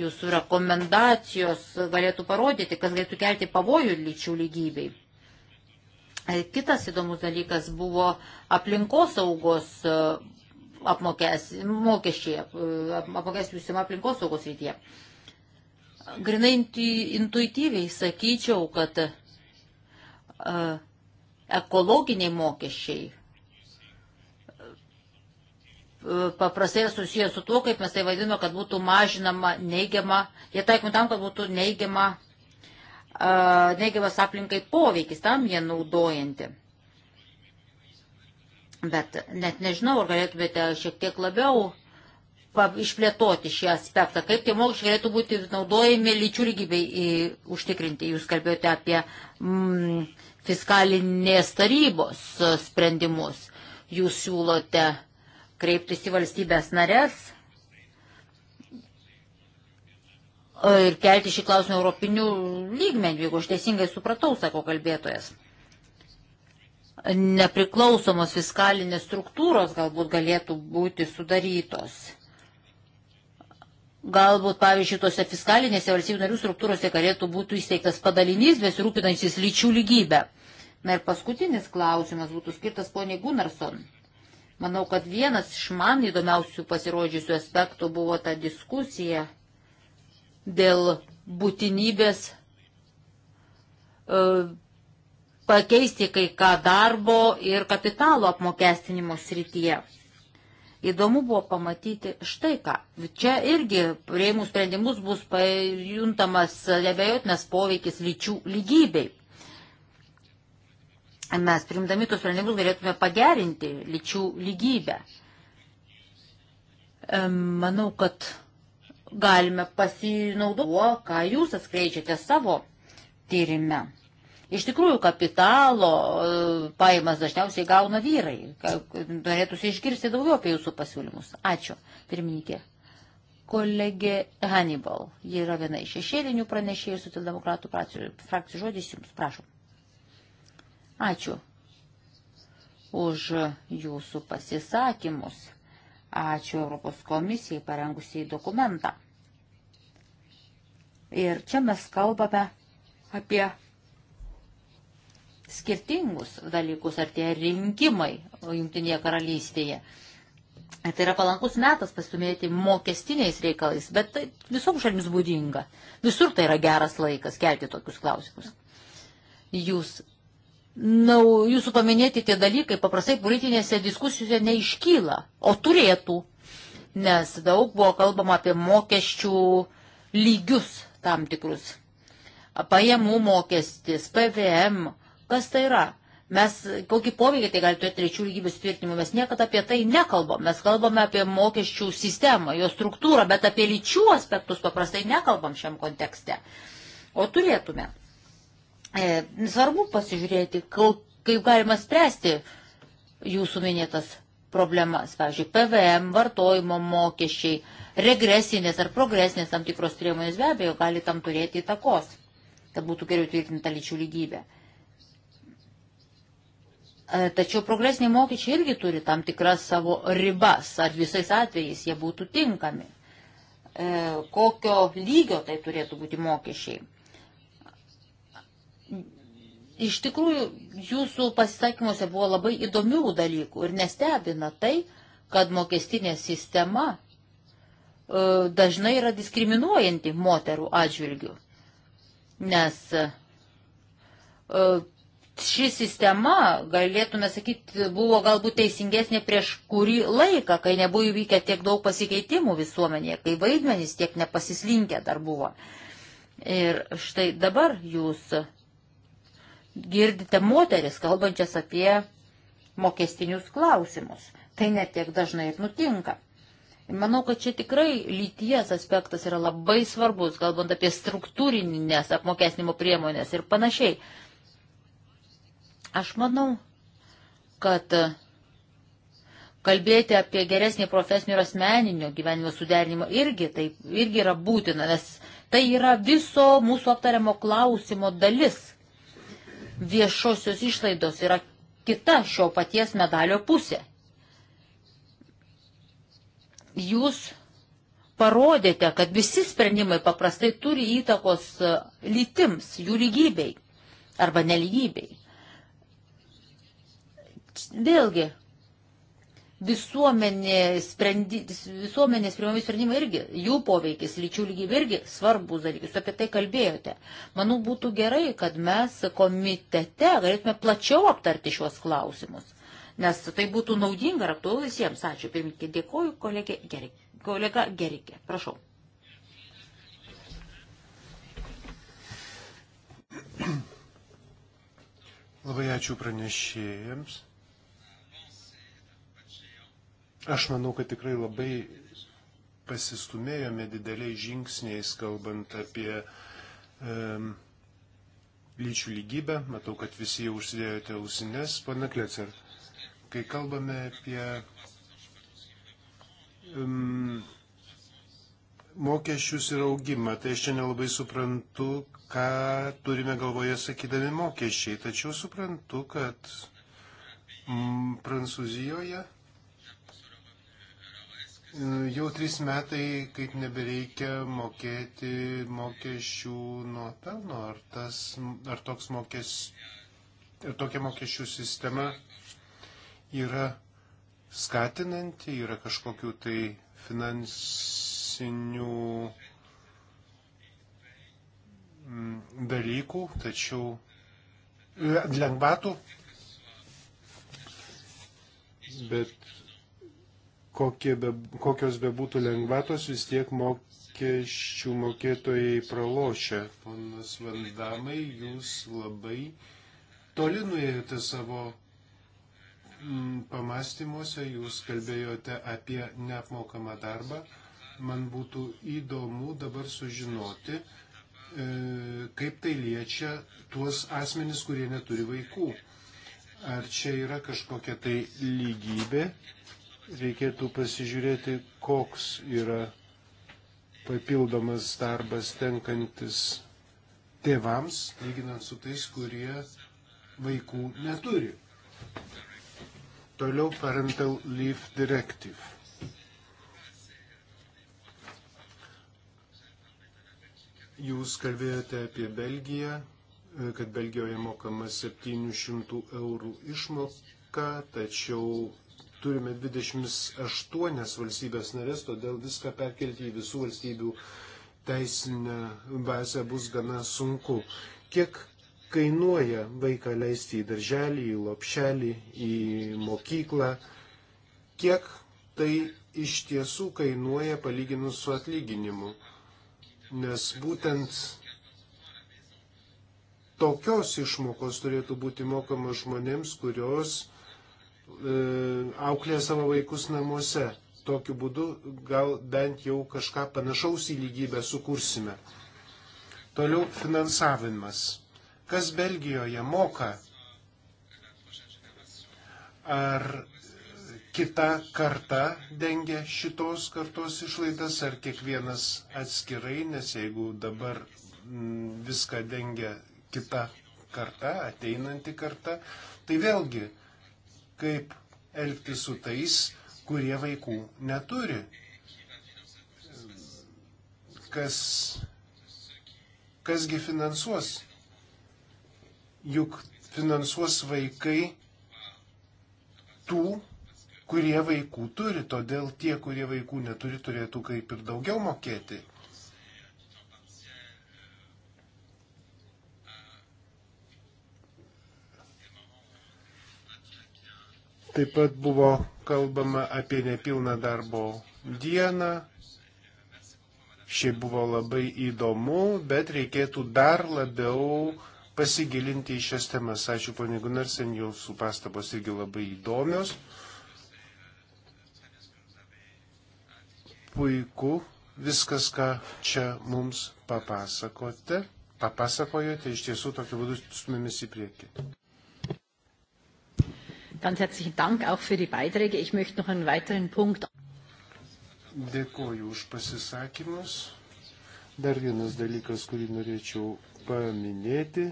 Speaker 1: Jūsų rekomendacijos galėtų parodyti, kas galėtų kelti pavojų lyčių lygybei. E, kitas įdomus dalykas buvo aplinkosaugos e, apmokės, mokesčiai, e, apmokesčiusima aplinkosaugos rytyje. Grinai intuityviai sakyčiau, kad ekologiniai mokesčiai paprastai susijęs su tuo, kaip mes tai vadiname, kad būtų mažinama neigiama, jie taikomi tam, kad būtų neigiama, neigiamas aplinkai poveikis tam jie naudojanti. Bet net nežinau, ar galėtumėte šiek tiek labiau išplėtoti šį aspektą, kaip tie mokesčiai galėtų būti naudojami lyčių lygybei užtikrinti. Jūs kalbėjote apie mm, fiskalinės tarybos sprendimus. Jūs siūlote uh, kreiptis į valstybės narės ir kelti šį klausimą europinių lygmenių, jeigu aš teisingai supratau, sako kalbėtojas. Nepriklausomos fiskalinės struktūros galbūt galėtų būti sudarytos. Galbūt, pavyzdžiui, tose fiskalinėse valstybių narių struktūrose galėtų būti įsteigtas padalinys, besirūpinantis lyčių lygybę. Na ir paskutinis klausimas būtų skirtas poniai Gunarson. Manau, kad vienas iš man įdomiausių pasirodžiusių aspektų buvo ta diskusija dėl būtinybės e, pakeisti kai ką darbo ir kapitalo apmokestinimo srityje. Įdomu buvo pamatyti štai ką. Čia irgi prieimus sprendimus bus pajuntamas nebejotinas poveikis lyčių lygybei mes primdami tuos sprendimus galėtume pagerinti lyčių lygybę. Manau, kad galime pasinaudoti, ką jūs atskleidžiate savo tyrime. Iš tikrųjų, kapitalo e, paimas dažniausiai gauna vyrai. Norėtųsi išgirsti daugiau apie jūsų pasiūlymus. Ačiū, pirmininkė. Kolegė Hannibal, ji yra viena iš šešėlinių pranešėjų socialdemokratų frakcijų. Žodis jums, prašom. Ačiū už jūsų pasisakymus. Ačiū Europos komisijai parengusiai dokumentą. Ir čia mes kalbame apie skirtingus dalykus, ar tie rinkimai Junktinėje karalystėje. Tai yra palankus metas pastumėti mokestiniais reikalais, bet tai visoms šalims būdinga. Visur tai yra geras laikas kelti tokius klausimus. Jūs Na, jūsų paminėti tie dalykai paprastai politinėse diskusijose neiškyla, o turėtų, nes daug buvo kalbama apie mokesčių lygius tam tikrus. Pajamų mokestis, PVM, kas tai yra? Mes kokį poveikį tai gali turėti trečių lygybės tvirtinimų, mes niekada apie tai nekalbam. Mes kalbame apie mokesčių sistemą, jo struktūrą, bet apie lyčių aspektus paprastai nekalbam šiam kontekste. O turėtume. E, svarbu pasižiūrėti, kaip galima spręsti jūsų minėtas problemas, pavyzdžiui, PVM, vartojimo mokesčiai, regresinės ar progresinės tam tikros priemonės be abejo gali tam turėti įtakos, kad tai būtų geriau tvirtinta lyčių lygybė. E, tačiau progresiniai mokesčiai irgi turi tam tikras savo ribas, ar visais atvejais jie būtų tinkami, e, kokio lygio tai turėtų būti mokesčiai. Iš tikrųjų, jūsų pasisakymuose buvo labai įdomių dalykų ir nestebina tai, kad mokestinė sistema e, dažnai yra diskriminuojanti moterų atžvilgių. Nes e, ši sistema, galėtume sakyti, buvo galbūt teisingesnė prieš kurį laiką, kai nebuvo įvykę tiek daug pasikeitimų visuomenėje, kai vaidmenys tiek nepasislinkę dar buvo. Ir štai dabar jūs girdite moteris kalbančias apie mokestinius klausimus. Tai netiek dažnai ir nutinka. Manau, kad čia tikrai lyties aspektas yra labai svarbus, kalbant apie struktūrinės apmokesnimo priemonės ir panašiai. Aš manau, kad kalbėti apie geresnį profesinio ir asmeninio gyvenimo suderinimą irgi, tai irgi yra būtina, nes tai yra viso mūsų aptariamo klausimo dalis viešosios išlaidos yra kita šio paties medalio pusė. Jūs parodėte, kad visi sprendimai paprastai turi įtakos e, lytims, jų lygybei arba neligybei. Vėlgi, visuomenės, sprendi, visuomenės priimami sprendimai irgi, jų poveikis, lyčių lygybė irgi svarbus dalykas, apie tai kalbėjote. Manau, būtų gerai, kad mes komitete galėtume plačiau aptarti šiuos klausimus, nes tai būtų naudinga ir aktualu visiems. Ačiū, pirmininkė, dėkoju, kolegė Gerikė. Kolega Gerikė, prašau.
Speaker 3: Labai ačiū pranešėjams. Aš manau, kad tikrai labai pasistumėjome dideliais žingsniais, kalbant apie um, lyčių lygybę. Matau, kad visi jau užsidėjote ausines. Pana Klecer, kai kalbame apie um, mokesčius ir augimą. Tai aš čia nelabai suprantu, ką turime galvoje sakydami mokesčiai. Tačiau suprantu, kad mm, Prancūzijoje Jau trys metai, kaip nebereikia mokėti mokesčių nuo pelno, ar, tas, ar, toks mokes, ar tokia mokesčių sistema yra skatinanti, yra kažkokių tai finansinių mm, dalykų, tačiau e, lengvatų, bet be, kokios bebūtų lengvatos, vis tiek mokesčių mokėtojai pralošia. Ponas Vandamai, jūs labai toli nuėjote savo mm, pamastymuose, jūs kalbėjote apie neapmokamą darbą. Man būtų įdomu dabar sužinoti, e, kaip tai liečia tuos asmenys, kurie neturi vaikų. Ar čia yra kažkokia tai lygybė, reikėtų pasižiūrėti, koks yra papildomas darbas tenkantis tėvams, lyginant su tais, kurie vaikų neturi. Toliau Parental Leave Directive. Jūs kalbėjote apie Belgiją, kad Belgijoje mokama 700 eurų išmoka, tačiau turime 28 valstybės narės, todėl viską perkelti į visų valstybių teisinę bazę bus gana sunku. Kiek kainuoja vaiką leisti į darželį, į lopšelį, į mokyklą, kiek tai iš tiesų kainuoja palyginus su atlyginimu. Nes būtent tokios išmokos turėtų būti mokama žmonėms, kurios E, auklėja savo vaikus namuose. Tokiu būdu gal bent jau kažką panašaus į lygybę sukursime. Toliau finansavimas. Kas Belgijoje moka? Ar kita karta dengia šitos kartos išlaidas ar kiekvienas atskirai, nes jeigu dabar mm, viską dengia kita karta, ateinanti karta, tai vėlgi kaip elgtis su tais, kurie vaikų neturi. Kas, kasgi finansuos? Juk finansuos vaikai tų, kurie vaikų turi, todėl tie, kurie vaikų neturi, turėtų kaip ir daugiau mokėti. Taip pat buvo kalbama apie nepilną darbo dieną. Šiaip buvo labai įdomu, bet reikėtų dar labiau pasigilinti į šias temas. Ačiū, ponė Gunarsen, jūsų pastabos irgi labai įdomios. Puiku viskas, ką čia mums papasakote. Papasakojote, iš tiesų tokiu būdu stumėmės į priekį.
Speaker 1: Ganz herzlichen Dank auch für die Beiträge. Ich möchte noch einen weiteren Punkt.
Speaker 3: Dėkoju už pasisakymus. Dar vienas dalykas, kurį norėčiau paminėti.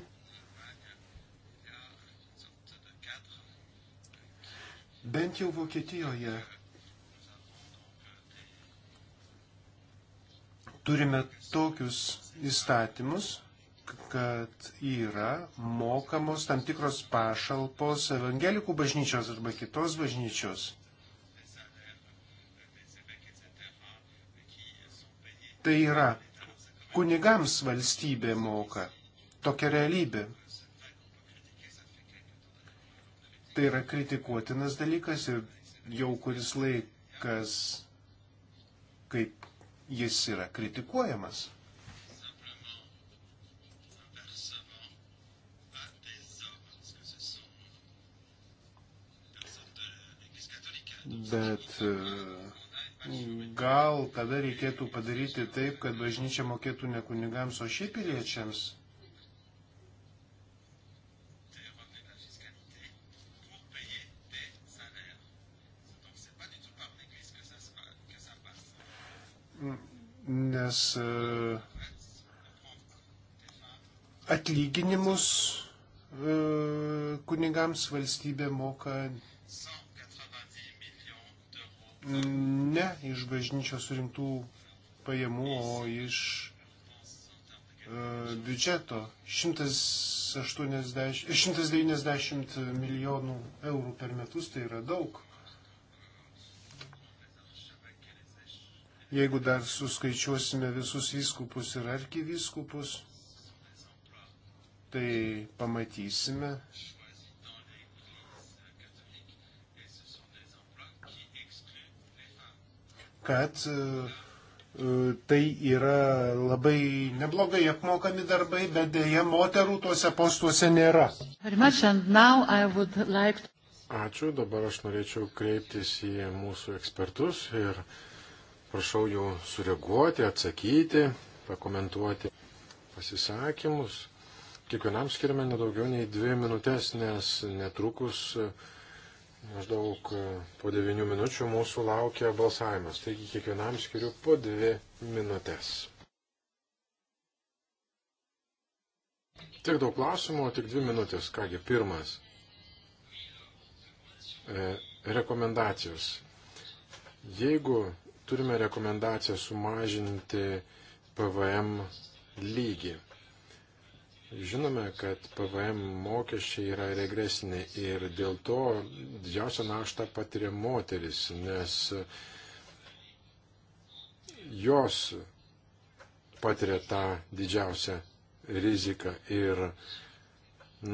Speaker 3: Bent jau Vokietijoje turime tokius įstatymus, kad yra mokamos tam tikros pašalpos evangelikų bažnyčios arba kitos bažnyčios. Tai yra, kunigams valstybė moka. Tokia realybė. Tai yra kritikuotinas dalykas ir jau kuris laikas, kaip jis yra kritikuojamas. bet e, gal tada reikėtų padaryti taip, kad bažnyčia mokėtų ne kunigams, o šiaip piliečiams. Nes e, atlyginimus e, kunigams valstybė moka ne iš bažnyčios surinktų pajamų, o iš e, biudžeto 180, 190 e, milijonų eurų per metus, tai yra daug. Jeigu dar suskaičiuosime visus vyskupus ir arkivyskupus, tai pamatysime, kad e, e, tai yra labai neblogai apmokami darbai, bet dėja moterų tuose postuose nėra.
Speaker 2: Ačiū, dabar aš norėčiau kreiptis į mūsų ekspertus ir prašau jų sureaguoti, atsakyti, pakomentuoti pasisakymus. Kiekvienam skirime nedaugiau nei dvi minutės, nes netrukus uh, maždaug e, po 9 minučių mūsų laukia balsavimas, taigi kiekvienam skiriu po 2 minutės. Tiek daug klausimų, tik 2 minutės. Kągi, pirmas. E, rekomendacijos. Jeigu turime rekomendaciją sumažinti PVM lygį, Žinome, kad PVM mokesčiai yra regresiniai ir dėl to didžiausią naštą patiria moteris, nes jos patiria tą didžiausią riziką ir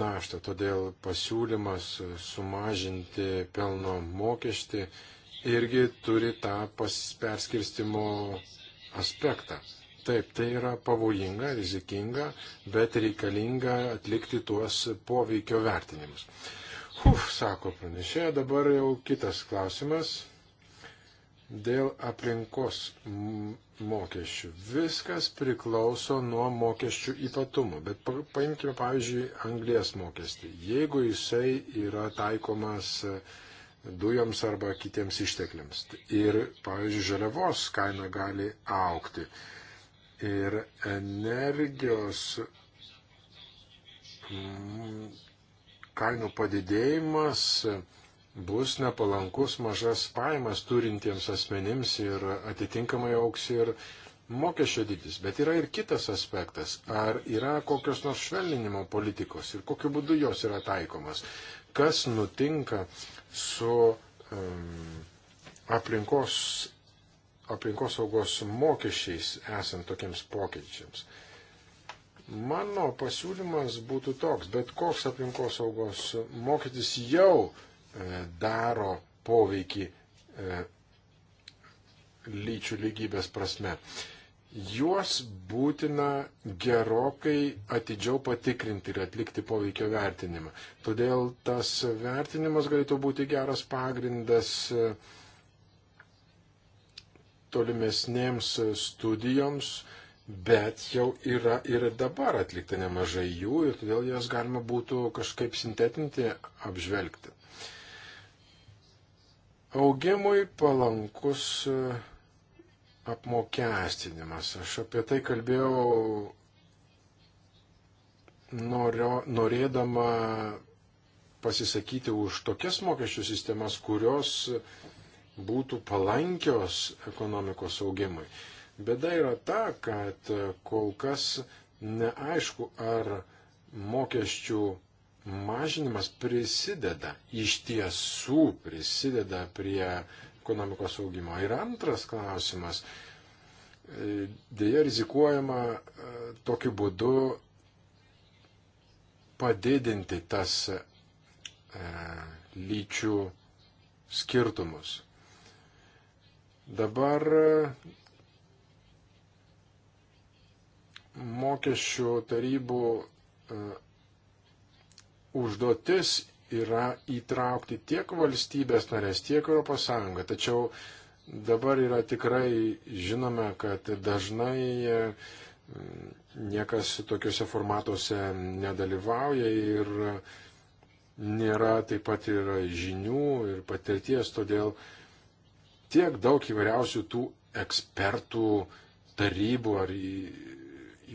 Speaker 2: naštą. Todėl pasiūlymas sumažinti pelno mokestį irgi turi tą perskirstimo aspektą. Taip, tai yra pavojinga, rizikinga, bet reikalinga atlikti tuos poveikio vertinimus. Uf, sako pranešėja, dabar jau kitas klausimas. Dėl aplinkos mokesčių. Viskas priklauso nuo mokesčių ypatumų, bet paimkime pavyzdžiui anglės mokestį. Jeigu jisai yra taikomas e, dujoms arba kitiems ištekliams tai ir, pavyzdžiui, žaliavos kaina gali aukti, ir energijos kainų padidėjimas bus nepalankus mažas pajamas turintiems asmenims ir atitinkamai auks ir mokesčio dydis. Bet yra ir kitas aspektas. Ar yra kokios nors švelninimo politikos ir kokiu būdu jos yra taikomas? Kas nutinka su um, aplinkos aplinkosaugos mokesčiais esant tokiems pokyčiams. Mano pasiūlymas būtų toks, bet koks aplinkosaugos mokestis jau e, daro poveikį e, lyčių lygybės prasme. Juos būtina gerokai atidžiau patikrinti ir atlikti poveikio vertinimą. Todėl tas vertinimas galėtų būti geras pagrindas uh, tolimesnėms studijoms, bet jau yra ir dabar atlikta nemažai jų ir todėl jas galima būtų kažkaip sintetinti, apžvelgti. Augimui palankus e, apmokestinimas. Aš apie tai kalbėjau norio, norėdama pasisakyti už tokias mokesčių sistemas, kurios būtų palankios ekonomikos augimui. Bėda yra ta, kad kol kas neaišku, ar mokesčių mažinimas prisideda, iš tiesų prisideda prie ekonomikos augimo. Ir antras klausimas. Deja, rizikuojama e, tokiu būdu padidinti tas e, lyčių skirtumus. Dabar e, mokesčių tarybų e, užduotis yra įtraukti tiek valstybės narės, tiek ES. Tačiau dabar yra tikrai žinome, kad dažnai e, niekas tokiuose formatuose nedalyvauja ir nėra taip pat ir žinių ir patirties, todėl uh, tiek daug įvairiausių tų ekspertų tarybų ar į,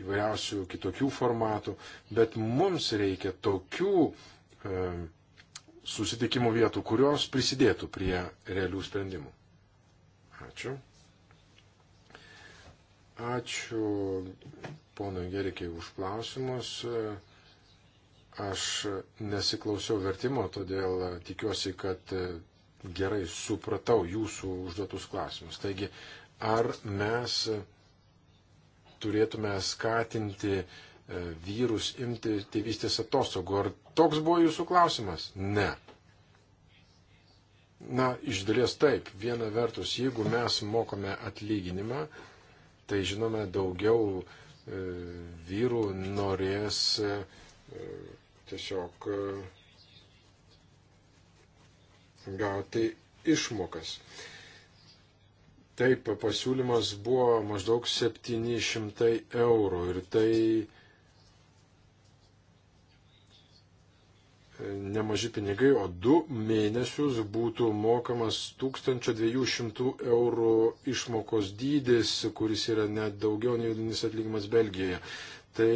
Speaker 2: įvairiausių kitokių formatų, bet mums reikia tokių e, susitikimų vietų, kurios prisidėtų prie realių sprendimų. Ačiū. Ačiū ponui Gerikiai už klausimus. Aš nesiklausiau vertimo, todėl tikiuosi, kad gerai supratau jūsų užduotus klausimus. Taigi, ar mes turėtume skatinti e, vyrus imti tėvystės atostogų? Ar toks buvo jūsų klausimas? Ne. Na, iš dalies taip. Viena vertus, jeigu mes mokome atlyginimą, tai žinome, daugiau e, vyrų norės e, tiesiog gauti išmokas. Taip, pasiūlymas buvo maždaug 700 eurų ir tai e, nemaži pinigai, o du mėnesius būtų mokamas 1200 eurų išmokos dydis, kuris yra net daugiau nei vidinis atlyginimas Belgijoje. Tai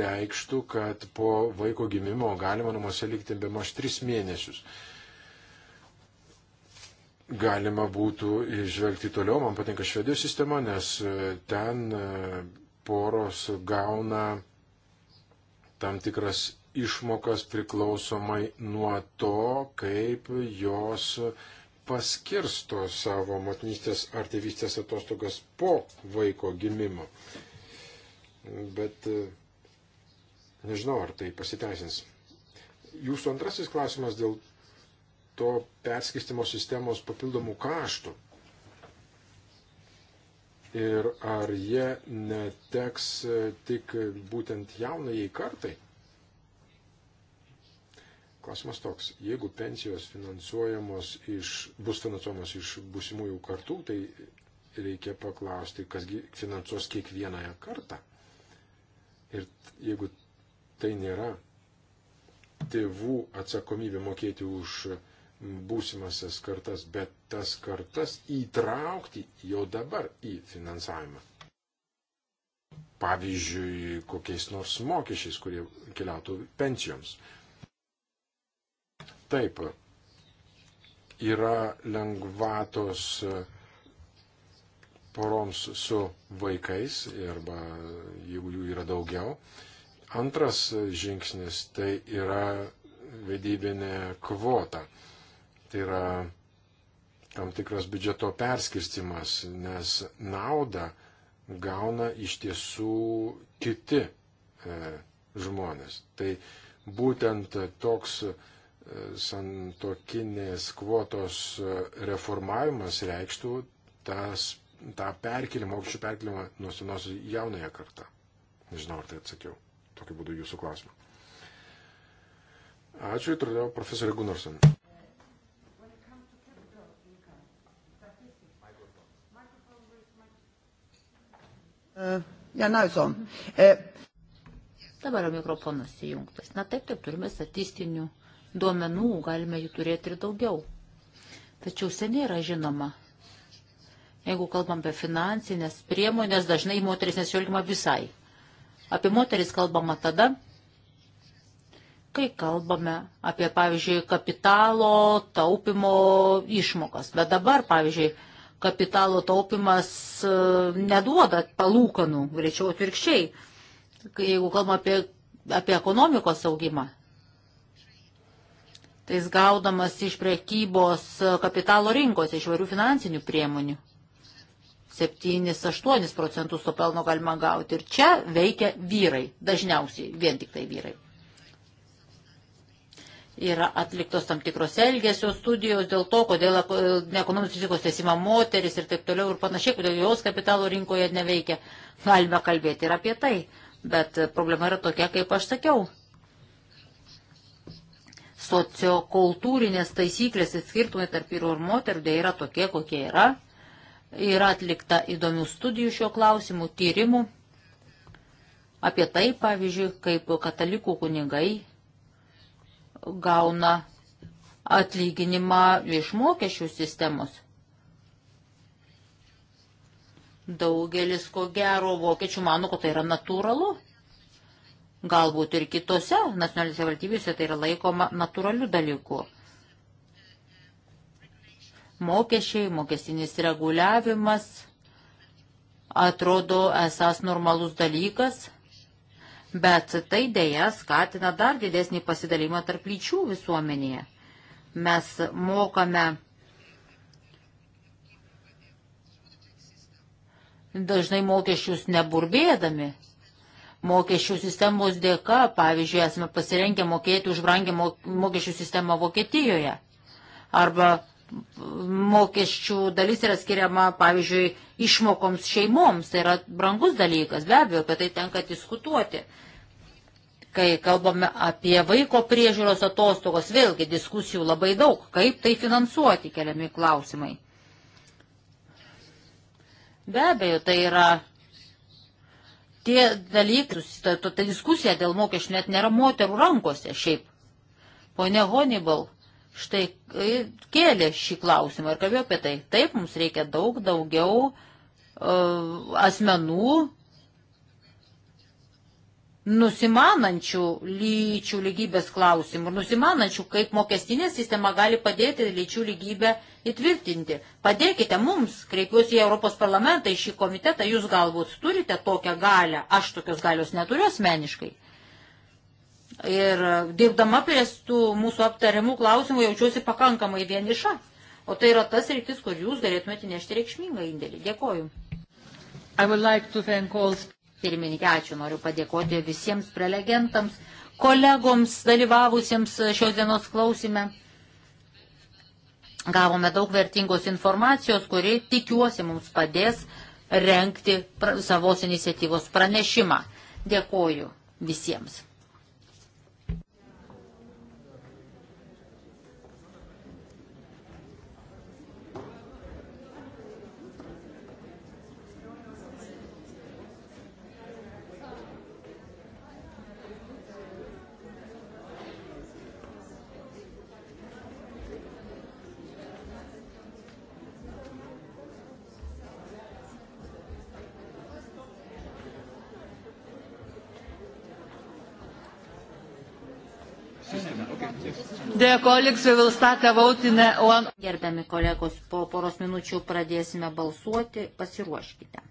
Speaker 2: reikštų, kad po vaiko gimimo galima namuose likti be maž 3 mėnesius galima būtų žvelgti toliau. Man patinka Švedijos sistema, nes e, ten e, poros gauna tam tikras išmokas priklausomai nuo to, kaip jos paskirsto savo motinystės ar tėvystės atostogas po vaiko gimimo. Bet e, nežinau, ar tai pasiteisins. Jūsų antrasis klausimas dėl to perskistimo sistemos papildomų kaštų. Ir ar jie neteks e, tik būtent jaunai kartai? Klausimas toks, jeigu pensijos finansuojamos iš, bus finansuojamos iš busimųjų kartų, tai reikia paklausti, kas finansuos kiekvienąją kartą. Ir jeigu tai nėra tėvų atsakomybė mokėti už būsimasias kartas, bet tas kartas įtraukti jau dabar į finansavimą. Pavyzdžiui, kokiais nors mokesčiais, kurie keliautų pensijoms. Taip, yra lengvatos poroms su vaikais arba jeigu jų yra daugiau. Antras žingsnis tai yra vedybinė kvota. Tai yra tam tikras biudžeto perskirstimas, nes naudą gauna iš tiesų kiti e, žmonės. Tai būtent toks e, santokinės kvotos e, reformavimas reikštų tas, tą perkelimą, aukščių perkelimą nuo senos jaunąją kartą. Nežinau, ar tai atsakiau. Tokiu būdu jūsų klausimą. Ačiū, toliau profesorė Gunarson.
Speaker 1: Ja uh, näysom. Uh, dabar mikrofonas įjungtas. Na taip, taip, turime statistinių duomenų, galime jų turėti ir daugiau. Tačiau seniai yra žinoma. Jeigu kalbam apie finansinės priemonės, dažnai moteris nesielgima visai. Apie moteris kalbama tada, kai kalbame apie, pavyzdžiui, kapitalo taupimo išmokas. Bet dabar, pavyzdžiui, kapitalo taupimas e, neduoda palūkanų, greičiau atvirkščiai, jeigu kalbame apie, apie ekonomikos augimą. Tai jis gaudamas iš prekybos e, kapitalo rinkos, iš varių finansinių priemonių. 7-8 procentus to pelno galima gauti. Ir čia veikia vyrai, dažniausiai vien tik tai vyrai. Yra atliktos tam tikros elgesio studijos dėl to, kodėl ekonominės rizikos tesima moteris ir taip toliau ir panašiai, kodėl jos kapitalo rinkoje neveikia. Galime kalbėti ir apie tai, bet problema yra tokia, kaip aš sakiau sociokultūrinės taisyklės ir skirtumai tarp vyrų ir moterų dėja yra tokie, kokie yra. Yra atlikta įdomių studijų šio klausimu, tyrimų apie tai, pavyzdžiui, kaip katalikų kunigai gauna atlyginimą iš mokesčių sistemos. Daugelis, ko gero, vokiečių mano, kad tai yra natūralu. Galbūt ir kitose nacionalinėse valstybėse tai yra laikoma natūraliu dalyku. Mokesčiai, mokestinis reguliavimas atrodo esas normalus dalykas, bet tai dėja skatina dar didesnį pasidalimą tarp lyčių visuomenėje. Mes mokame dažnai mokesčius neburbėdami. Mokesčių sistemos dėka, pavyzdžiui, esame pasirengę mokėti už brangę mokesčių sistemą Vokietijoje. Arba mokesčių dalis yra skiriama, pavyzdžiui, išmokoms šeimoms. Tai yra brangus dalykas, be abejo, apie tai tenka diskutuoti. Kai kalbame apie vaiko priežiūros atostogos, vėlgi diskusijų labai daug, kaip tai finansuoti keliami klausimai. Be abejo, tai yra tie dalykai, ta, ta, ta diskusija dėl mokesčių net nėra moterų rankose šiaip. Pone Honibal, štai e, kėlė šį klausimą ir kalbėjo apie tai. Taip, mums reikia daug daugiau uh, asmenų nusimanančių lyčių lygybės klausimų ir nusimanančių, kaip mokestinė sistema gali padėti lyčių lygybę įtvirtinti. Padėkite mums, kreipiuosi į Europos parlamentą, į šį komitetą, jūs galbūt turite tokią galę, aš tokios galios neturiu asmeniškai. Ir e, dirbdama prie tų mūsų aptariamų klausimų jaučiuosi pakankamai vieniša. O tai yra tas rytis, kur jūs galėtumėte nešti reikšmingą indėlį. Dėkoju. Like Pirmininkė, ačiū. Noriu padėkoti visiems prelegentams, kolegoms dalyvavusiems šios dienos klausime. Gavome daug vertingos informacijos, kuri, tikiuosi, mums padės renkti pra, savos iniciatyvos pranešimą. Dėkoju visiems. Gerbiami kolegos, po poros minučių pradėsime balsuoti, pasiruoškite.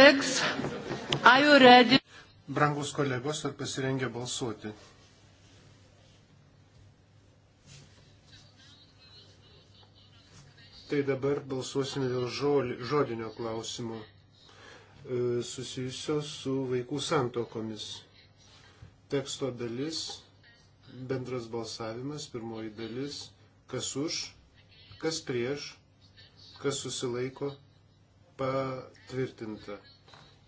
Speaker 1: colleagues, are you ready?
Speaker 3: Brangus kolegos, ar pasirengę balsuoti? Tai dabar balsuosime dėl žodinio klausimo e, susijusio su vaikų santokomis. Teksto dalis, bendras balsavimas, pirmoji dalis, kas už, kas prieš, kas susilaiko, patvirtinta.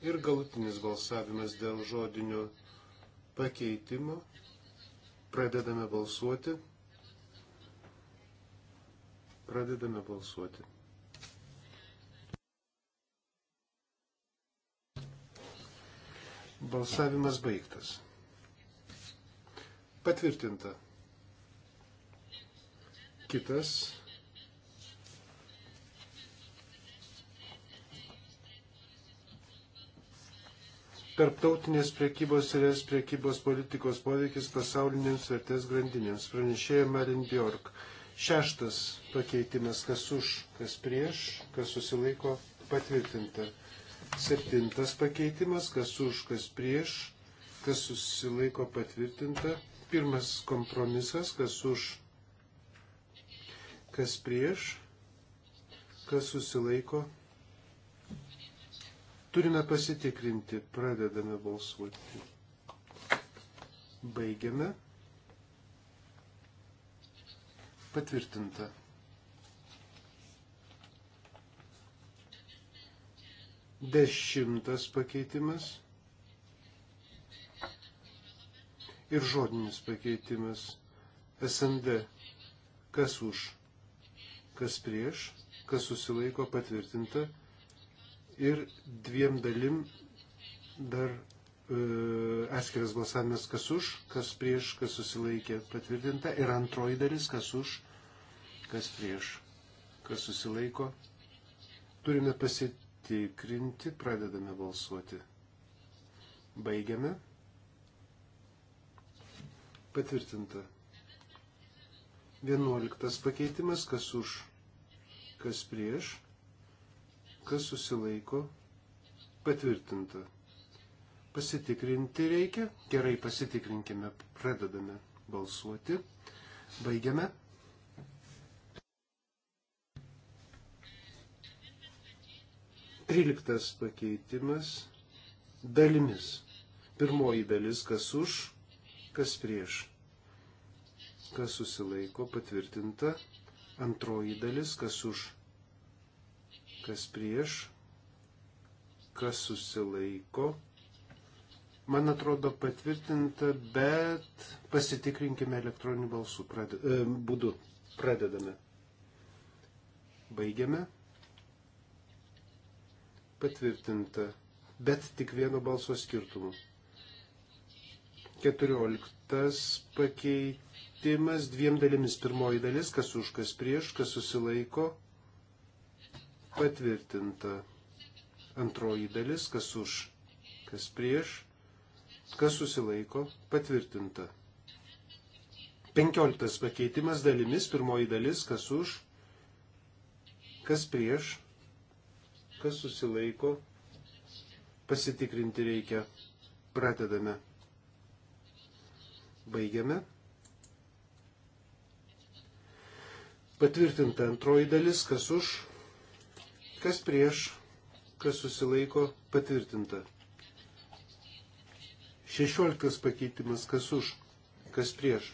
Speaker 3: Ir galutinis balsavimas dėl žodinio pakeitimo. Pradedame balsuoti. Pradedame balsuoti. Balsavimas baigtas. Patvirtinta. Kitas Tarptautinės priekybos ir es priekybos politikos poveikis pasaulinėms vertės grandinėms. Pranešėjo Marin Bjork. Šeštas pakeitimas, kas už, kas prieš, kas susilaiko, patvirtinta. Septintas pakeitimas, kas už, kas prieš, kas susilaiko, patvirtinta. Pirmas kompromisas, kas už, kas prieš, kas susilaiko, patvirtinta Turime pasitikrinti, pradedame balsuoti. Baigiame. Patvirtinta. Dešimtas pakeitimas. ir žodinis pakeitimas SND. Kas už, kas prieš, kas susilaiko patvirtinta ir dviem dalim dar e, atskiras balsavimas, kas už, kas prieš, kas susilaikė patvirtinta ir antroji dalis, kas už, kas prieš, kas susilaiko. Turime pasitikrinti, pradedame balsuoti. Baigiame. Patvirtinta. Vienuoliktas pakeitimas, kas už, kas prieš kas susilaiko, patvirtinta. Pasitikrinti reikia, gerai pasitikrinkime, pradedame balsuoti, baigiame. Tryliktas pakeitimas dalimis. Pirmoji dalis, kas už, kas prieš. Kas susilaiko, patvirtinta. Antroji dalis, kas už, kas prieš, kas susilaiko. Man atrodo patvirtinta, bet pasitikrinkime elektroninių balsų prade, e, būdu. Pradedame. Baigiame. Patvirtinta, bet tik vieno balso skirtumu. 14 pakeitimas dviem dalimis. Pirmoji dalis, kas už, kas prieš, kas susilaiko, patvirtinta. Antroji dalis, kas už, kas prieš, kas susilaiko, patvirtinta. Penkioliktas pakeitimas dalimis, pirmoji dalis, kas už, kas prieš, kas susilaiko, pasitikrinti reikia. Pradedame. Baigiame. Patvirtinta antroji dalis, kas už, Kas prieš, kas susilaiko, patvirtinta. 16 pakeitimas, kas už, kas prieš,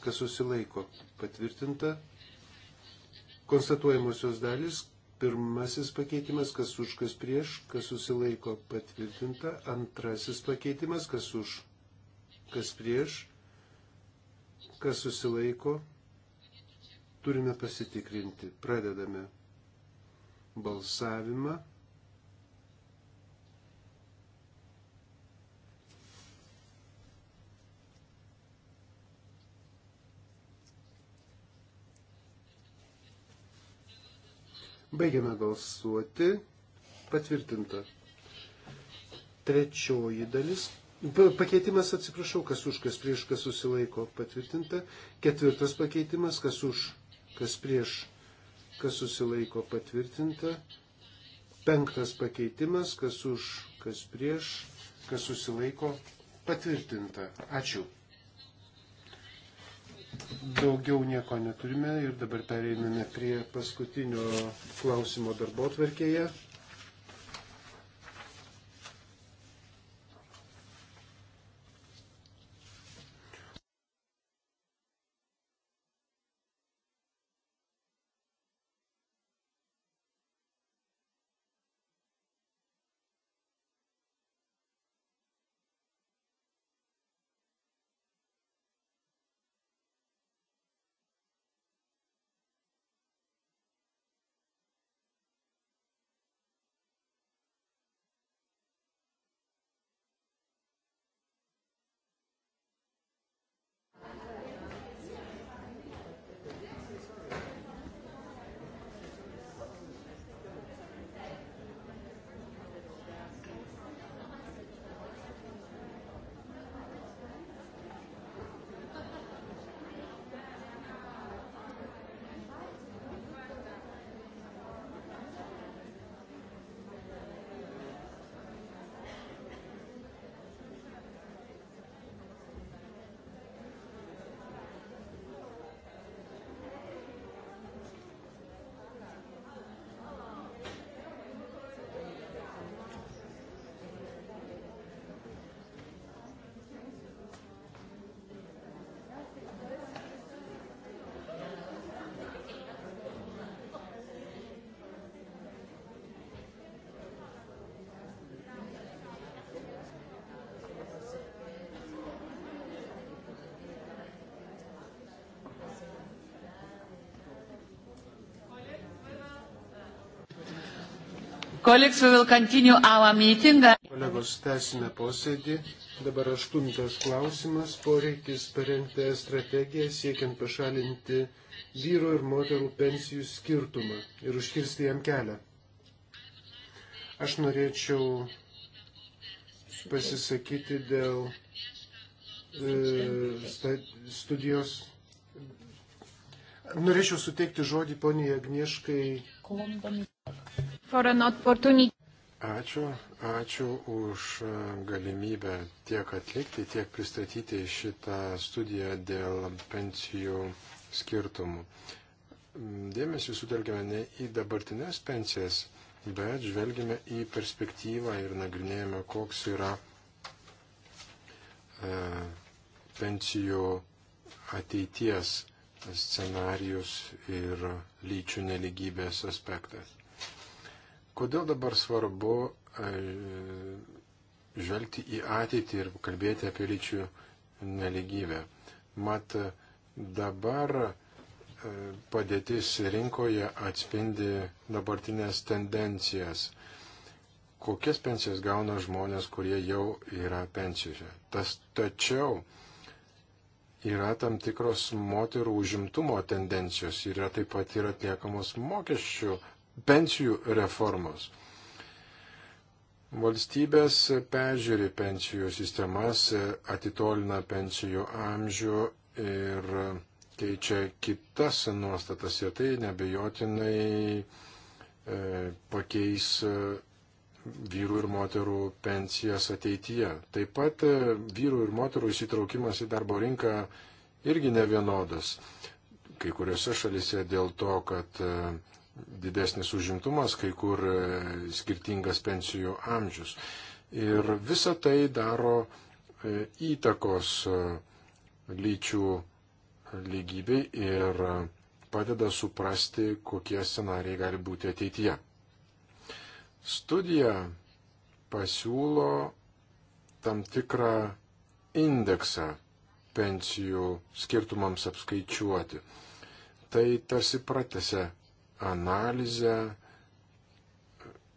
Speaker 3: kas susilaiko, patvirtinta. Konstatuojamosios dalis, pirmasis pakeitimas, kas už, kas prieš, kas susilaiko, patvirtinta. Antrasis pakeitimas, kas už, kas prieš, kas susilaiko, turime pasitikrinti. Pradedame balsavimą. Baigiame balsuoti. Patvirtinta. Trečioji dalis. Pakeitimas, atsiprašau, kas už, kas prieš, kas susilaiko. Patvirtinta. Ketvirtas pakeitimas, kas už, kas prieš, kas susilaiko patvirtinta. Penktas pakeitimas, kas už, kas prieš, kas susilaiko patvirtinta. Ačiū. Daugiau nieko neturime ir dabar pereiname prie paskutinio klausimo darbo tvarkėje.
Speaker 1: Colleagues, we will continue our meeting.
Speaker 3: Kolegos, tęsime posėdį. Dabar aštuntas klausimas - poreikis parengti strategiją siekiant pašalinti vyru ir moterų pensijų skirtumą ir užkirsti jam kelią. Aš norėčiau pasisakyti dėl e, studijos. Norėčiau suteikti žodį poniai Agnieškai.
Speaker 1: Klondami. Ačiū,
Speaker 2: ačiū už galimybę tiek atlikti, tiek pristatyti šitą studiją dėl pensijų skirtumų. Dėmesį sutelkime ne į dabartinės pensijas, bet žvelgime į perspektyvą ir nagrinėjame, koks yra e, pensijų ateities scenarius ir lyčių neligybės aspektas. Kodėl dabar svarbu e, žvelgti į ateitį ir kalbėti apie lyčių neligybę? Mat, e, dabar e, padėtis rinkoje atspindi dabartinės tendencijas. Kokias pensijas gauna žmonės, kurie jau yra pensijoje? Tas tačiau yra tam tikros moterų užimtumo tendencijos ir taip pat yra atliekamos mokesčių pensijų reformos. Valstybės peržiūri pensijų sistemas, atitolina pensijų amžių ir keičia kitas nuostatas ir tai nebejotinai e, pakeis e, vyrų ir moterų pensijas ateityje. Taip pat e, vyrų ir moterų įsitraukimas į darbo rinką irgi nevienodas. Kai kuriuose šalise dėl to, kad didesnis užimtumas, kai kur e, skirtingas pensijų amžius. Ir visa tai daro e, įtakos e, lyčių lygybei ir padeda suprasti, kokie scenarijai gali būti ateityje. Studija pasiūlo tam tikrą indeksą pensijų skirtumams apskaičiuoti. Tai tarsi pratese analizę,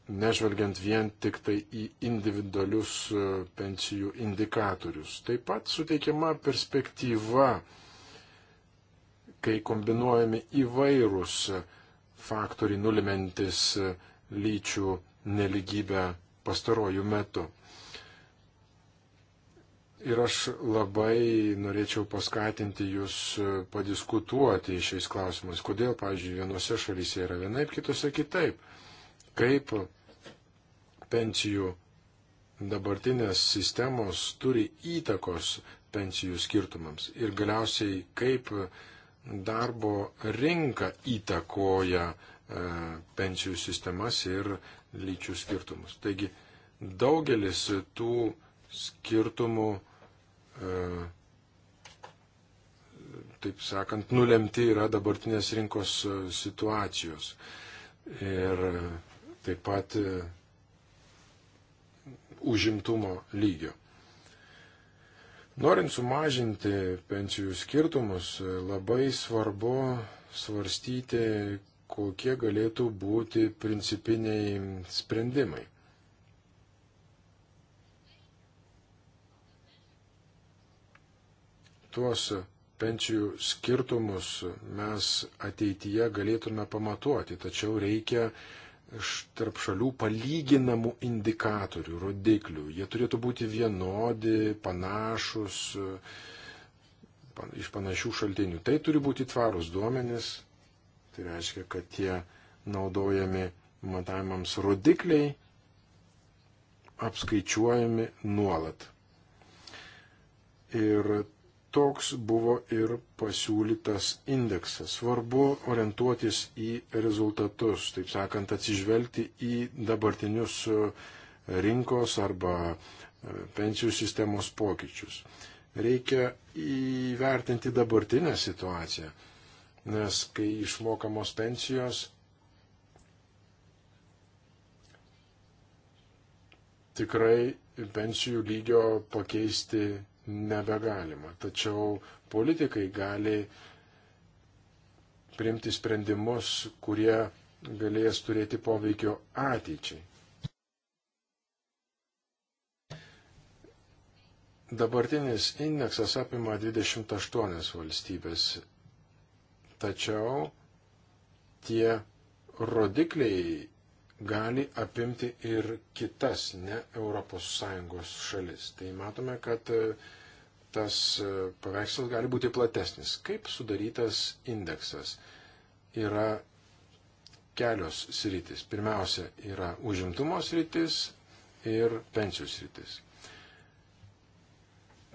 Speaker 2: nežvelgiant vien tik tai į individualius e, pensijų indikatorius. Taip pat suteikiama perspektyva, kai kombinuojami įvairūs faktoriai nulimentis e, lyčių neligybę pastarojų metų. Ir aš labai norėčiau paskatinti jūs e, padiskutuoti šiais klausimais, kodėl, pavyzdžiui, vienose šalyse yra vienaip, kitose kitaip. Kaip pensijų dabartinės sistemos turi įtakos pensijų skirtumams ir galiausiai kaip darbo rinka įtakoja e, pensijų sistemas ir lyčių skirtumus. Taigi daugelis tų skirtumų E, taip sakant, nulemti yra dabartinės rinkos e, situacijos. Ir e, taip pat užimtumo lygio. Norint sumažinti pensijų skirtumus, labai svarbu svarstyti, kokie galėtų būti principiniai sprendimai. tuos pensijų skirtumus mes ateityje galėtume pamatuoti, tačiau reikia tarp šalių palyginamų indikatorių, rodiklių. Jie turėtų būti vienodi, panašus, iš panašių šaltinių. Tai turi būti tvarus duomenis, tai reiškia, kad tie naudojami matavimams rodikliai apskaičiuojami nuolat. Ir toks buvo ir pasiūlytas indeksas. Svarbu orientuotis į rezultatus, taip sakant, atsižvelgti į dabartinius e, rinkos arba e, pensijų sistemos pokyčius. Reikia įvertinti dabartinę situaciją, nes kai išmokamos pensijos, tikrai pensijų lygio pakeisti nebegalima. Tačiau politikai gali priimti sprendimus, kurie galės turėti poveikio ateičiai. Dabartinis indeksas apima 28 valstybės, tačiau tie rodikliai gali apimti ir kitas ne ES šalis. Tai matome, kad tas e, paveikslas gali būti platesnis. Kaip sudarytas indeksas? Yra kelios sritis. Pirmiausia yra užimtumo sritis ir pensijų sritis.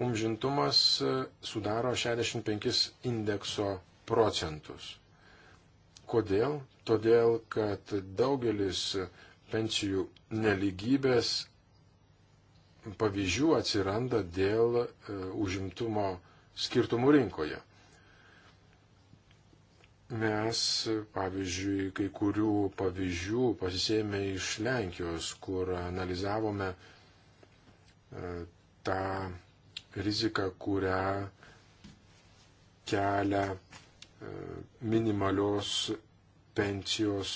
Speaker 2: Užimtumas e, sudaro 65 indekso procentus. Kodėl? Todėl, kad daugelis pensijų neligybės pavyzdžių atsiranda dėl e, užimtumo skirtumų rinkoje. Mes, pavyzdžiui, kai kurių pavyzdžių pasisėmė iš Lenkijos, kur analizavome e, tą riziką, kurią kelia e, minimalios pensijos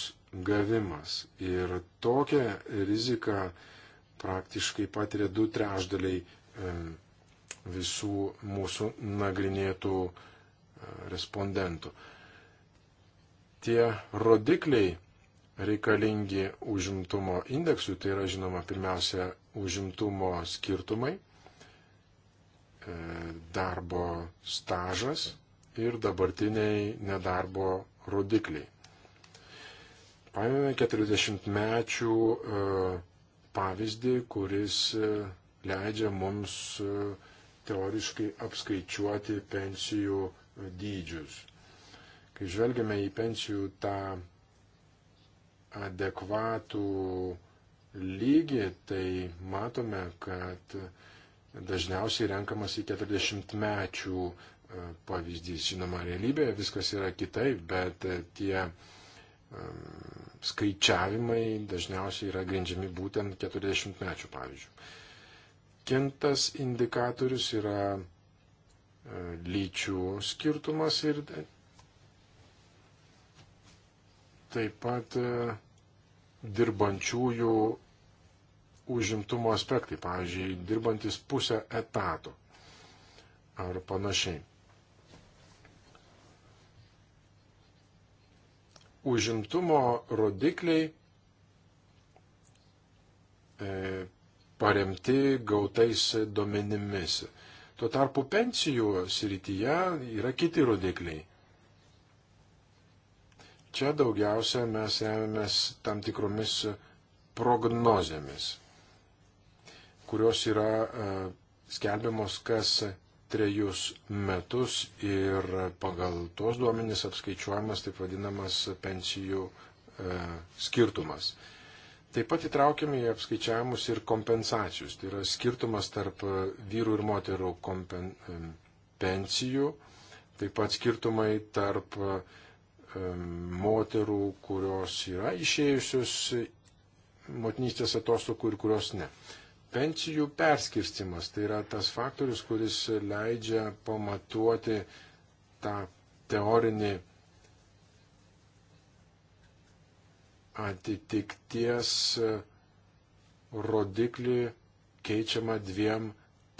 Speaker 2: gavimas. Ir tokią riziką praktiškai patiria du trešdaliai e, visų mūsų nagrinėtų e, respondentų. Tie rodikliai reikalingi užimtumo indeksui, tai yra žinoma pirmiausia užimtumo skirtumai, e, darbo stažas ir dabartiniai nedarbo rodikliai. Paėmėme 40 mečių pavyzdį, kuris e, leidžia mums e, teoriškai apskaičiuoti pensijų dydžius. Kai žvelgiame į pensijų tą adekvatų lygį, tai matome, kad dažniausiai renkamas į 40 mečių e, pavyzdys. Žinoma, realybėje viskas yra kitaip, bet tie um, skaičiavimai dažniausiai yra grindžiami būtent 40 mečių, pavyzdžiui. Kintas indikatorius yra e, lyčių skirtumas ir taip pat e, dirbančiųjų užimtumo aspektai, pavyzdžiui, dirbantis pusę etato ar panašiai. užimtumo rodikliai e, paremti gautais duomenimis. Tuo tarpu pensijų srityje yra kiti rodikliai. Čia daugiausia mes remiamės tam tikromis prognozėmis, kurios yra e, skelbiamos kas trejus metus ir pagal tuos duomenys apskaičiuojamas taip vadinamas pensijų e, skirtumas. Taip pat įtraukiame į apskaičiavimus ir kompensacijus. Tai yra skirtumas tarp vyrų ir moterų kompen, e, pensijų, taip pat skirtumai tarp e, moterų, kurios yra išėjusios motinystės atostokų ir kurios ne. Pensijų perskirstimas tai yra tas faktorius, kuris leidžia pamatuoti tą teorinį atitikties rodiklį keičiama dviem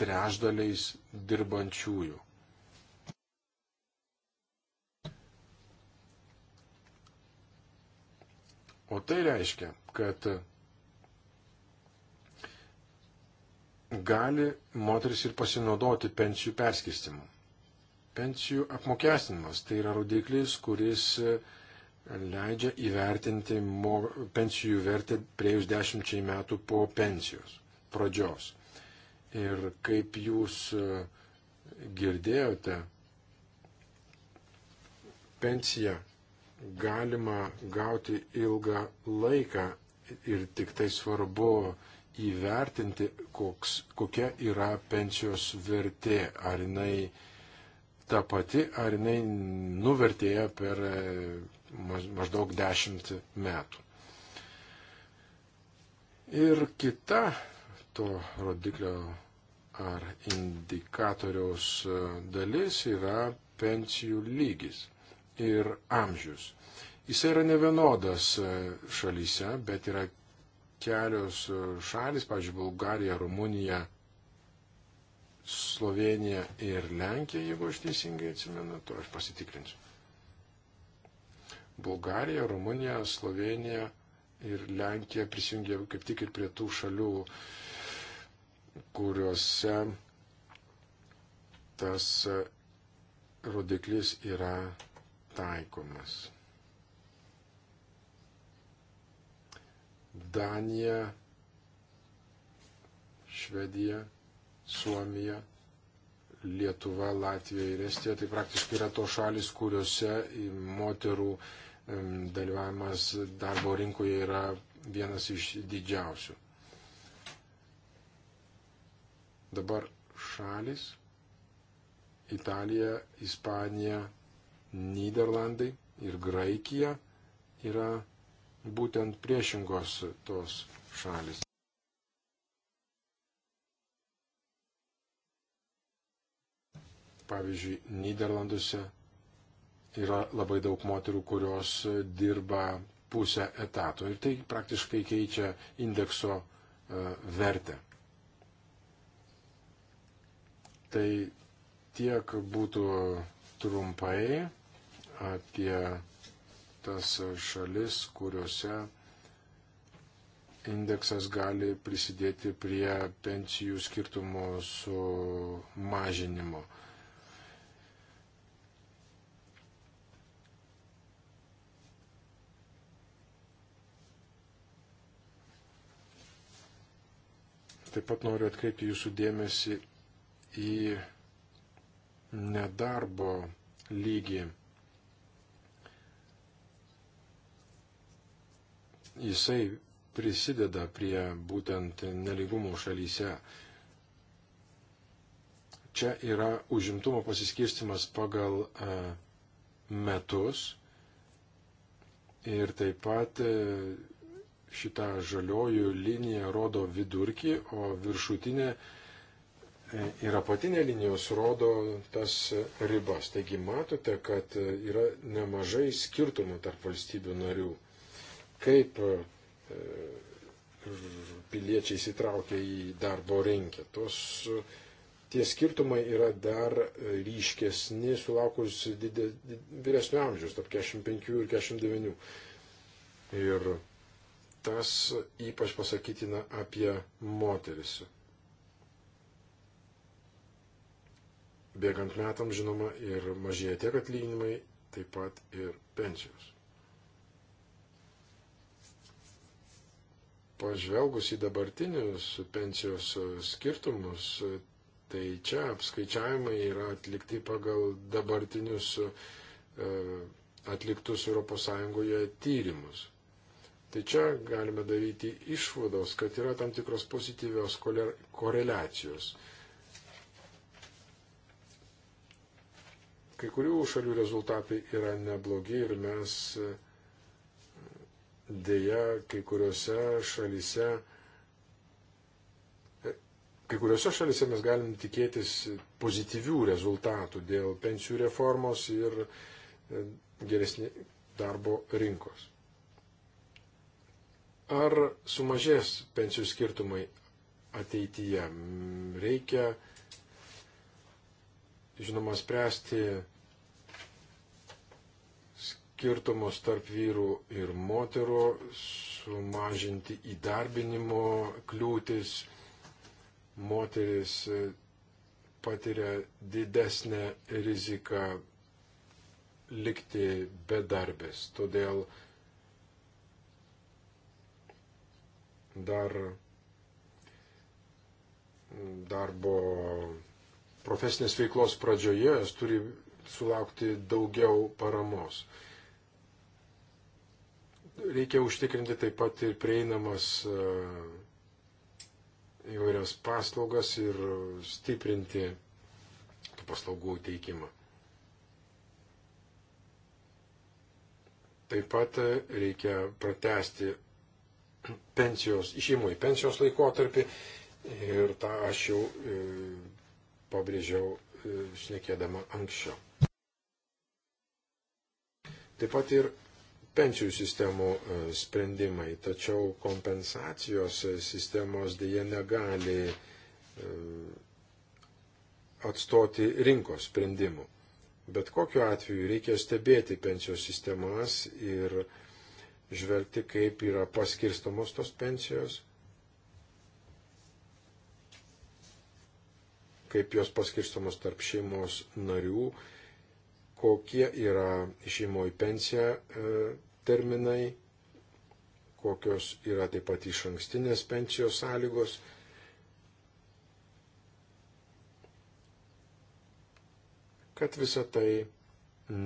Speaker 2: trešdaliais dirbančiųjų. O tai reiškia, kad gali moteris ir pasinaudoti pensijų perskistimu. Pensijų apmokestinimas tai yra rodiklis, kuris e, leidžia įvertinti pensijų vertę priejus dešimčiai metų po pensijos pradžios. Ir kaip jūs e, girdėjote, pensiją galima gauti ilgą laiką ir tik tai svarbu įvertinti, koks, kokia yra pensijos vertė, ar jinai ta pati, ar jinai nuvertėja per e, maždaug dešimt metų. Ir kita to rodiklio ar indikatoriaus e, dalis yra pensijų lygis ir amžius. Jis yra nevienodas e, šalyse, bet yra kelios e, šalis, pavyzdžiui, Bulgarija, Rumunija, Slovenija ir Lenkija, jeigu aš teisingai atsimenu, to aš pasitikrinsiu. Bulgarija, Rumunija, Slovenija ir Lenkija prisijungė kaip tik ir prie tų šalių, kuriuose tas e, rodiklis yra taikomas. Danija, Švedija, Suomija, Lietuva, Latvija ir Estija. Tai praktiškai yra to šalis, kuriuose moterų dalyvavimas darbo rinkoje yra vienas iš didžiausių. Dabar šalis - Italija, Ispanija, Niderlandai ir Graikija yra būtent priešingos tos šalis. Pavyzdžiui, Niderlanduose yra labai daug moterų, kurios dirba pusę etato ir tai praktiškai keičia indekso e, vertę. Tai tiek būtų trumpai apie tas šalis, kuriuose indeksas gali prisidėti prie pensijų skirtumų sumažinimo. Taip pat noriu atkreipti jūsų dėmesį į nedarbo lygį. jisai prisideda prie būtent neligumų šalyse. Čia yra užimtumo pasiskirstimas pagal e, metus ir taip pat e, šita žaliojų linija rodo vidurkį, o viršutinė e, ir apatinė linijos rodo tas ribas. Taigi matote, kad yra nemažai skirtumų tarp valstybių narių kaip e, piliečiai įsitraukia į darbo rinkę. Tos, tie skirtumai yra dar ryškesni sulaukus didė, did, vyresnio amžiaus, tarp 45 ir 49. Ir tas ypač pasakytina apie moteris. Bėgant metam, žinoma, ir mažėja tiek atlyginimai, taip pat ir pensijos. Pažvelgus į dabartinius pensijos skirtumus, tai čia apskaičiavimai yra atlikti pagal dabartinius e, atliktus ES tyrimus. Tai čia galime daryti išvados, kad yra tam tikros pozityvios koreliacijos. Kai kurių šalių rezultatai yra neblogi ir mes dėja kai kuriuose šalyse e, Kai kuriuose šalise mes galim tikėtis pozityvių rezultatų dėl pensijų reformos ir e, geresnė darbo rinkos. Ar sumažės pensijų skirtumai ateityje? Reikia, žinoma, spręsti skirtumus tarp vyrų ir moterų, sumažinti įdarbinimo kliūtis. Moteris e, patiria didesnę riziką likti bedarbės. Todėl dar darbo profesinės veiklos pradžioje jis turi sulaukti daugiau paramos. Reikia užtikrinti taip pat ir prieinamas e, įvairias paslaugas ir stiprinti tų paslaugų teikimą. Taip pat e, reikia pratesti pensijos, išėjimo į pensijos laikotarpį ir tą aš jau e, pabrėžiau e, šnekėdama anksčiau. Taip pat ir pensijų sistemų e, sprendimai, tačiau kompensacijos e, sistemos dėje negali e, atstoti rinkos sprendimų. Bet kokiu atveju reikia stebėti pensijų sistemas ir žvelgti, kaip yra paskirstamos tos pensijos, kaip jos paskirstamos tarp šeimos narių, kokie yra išėjimo į pensiją terminai, kokios yra taip pat iš ankstinės pensijos sąlygos. kad visa tai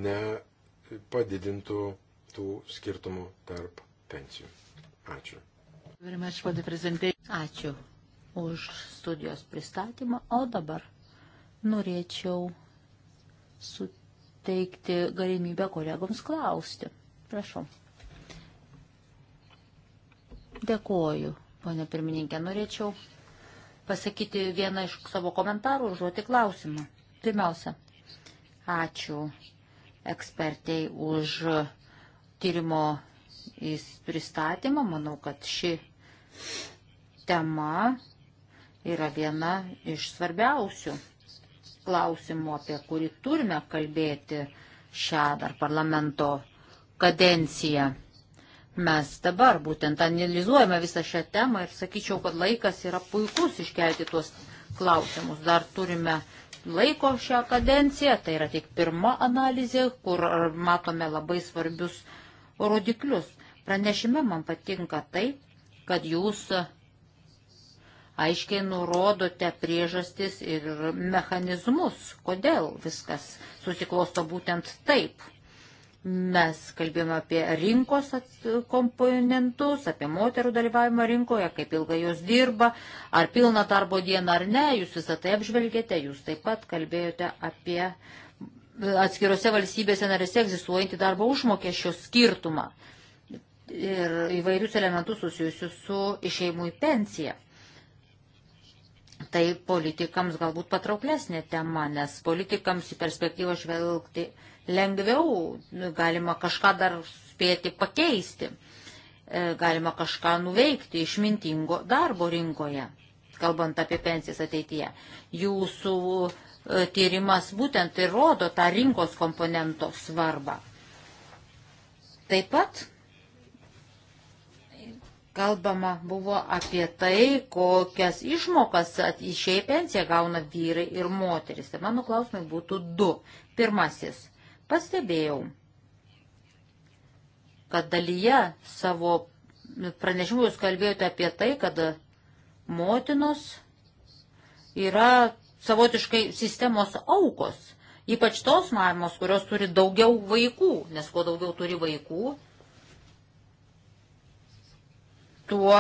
Speaker 2: nepadidintų tų skirtumų tarp pensijų. Ačiū.
Speaker 1: Ačiū už studijos pristatymą, o dabar norėčiau suteikti galimybę kolegoms klausti. Prašau. Dėkuoju, ponė pirmininkė. Norėčiau pasakyti vieną iš savo komentarų, užduoti klausimą. Pirmiausia, ačiū ekspertei už tyrimo pristatymą. Manau, kad ši tema yra viena iš svarbiausių klausimų, apie kurį turime kalbėti šią dar parlamento kadenciją. Mes dabar būtent analizuojame visą šią temą ir sakyčiau, kad laikas yra puikus iškelti tuos klausimus. Dar turime laiko šią kadenciją, tai yra tik pirma analizė, kur matome labai svarbius rodiklius. Pranešime man patinka tai, kad jūs aiškiai nurodote priežastis ir mechanizmus, kodėl viskas susiklosto būtent taip. Mes kalbėjome apie rinkos komponentus, apie moterų dalyvavimą rinkoje, kaip ilgai jos dirba, ar pilna darbo diena ar ne, jūs visą tai apžvelgėte, jūs taip pat kalbėjote apie atskirose valstybėse narėse egzistuojantį darbo užmokesčio skirtumą ir įvairius elementus susijusius su išeimu į pensiją tai politikams galbūt patrauklesnė tema, nes politikams į perspektyvą žvelgti lengviau, nu, galima kažką dar spėti pakeisti, e, galima kažką nuveikti išmintingo darbo rinkoje, kalbant apie pensijas ateityje. Jūsų e, tyrimas būtent ir rodo tą rinkos komponento svarbą. Taip pat kalbama buvo apie tai, kokias išmokas išėjai pensiją gauna vyrai ir moteris. Tai mano klausimai būtų du. Pirmasis Pastebėjau, kad dalyje savo pranešimų jūs kalbėjote apie tai, kad motinos yra savotiškai sistemos aukos, ypač tos mamos, kurios turi daugiau vaikų, nes kuo daugiau turi vaikų, tuo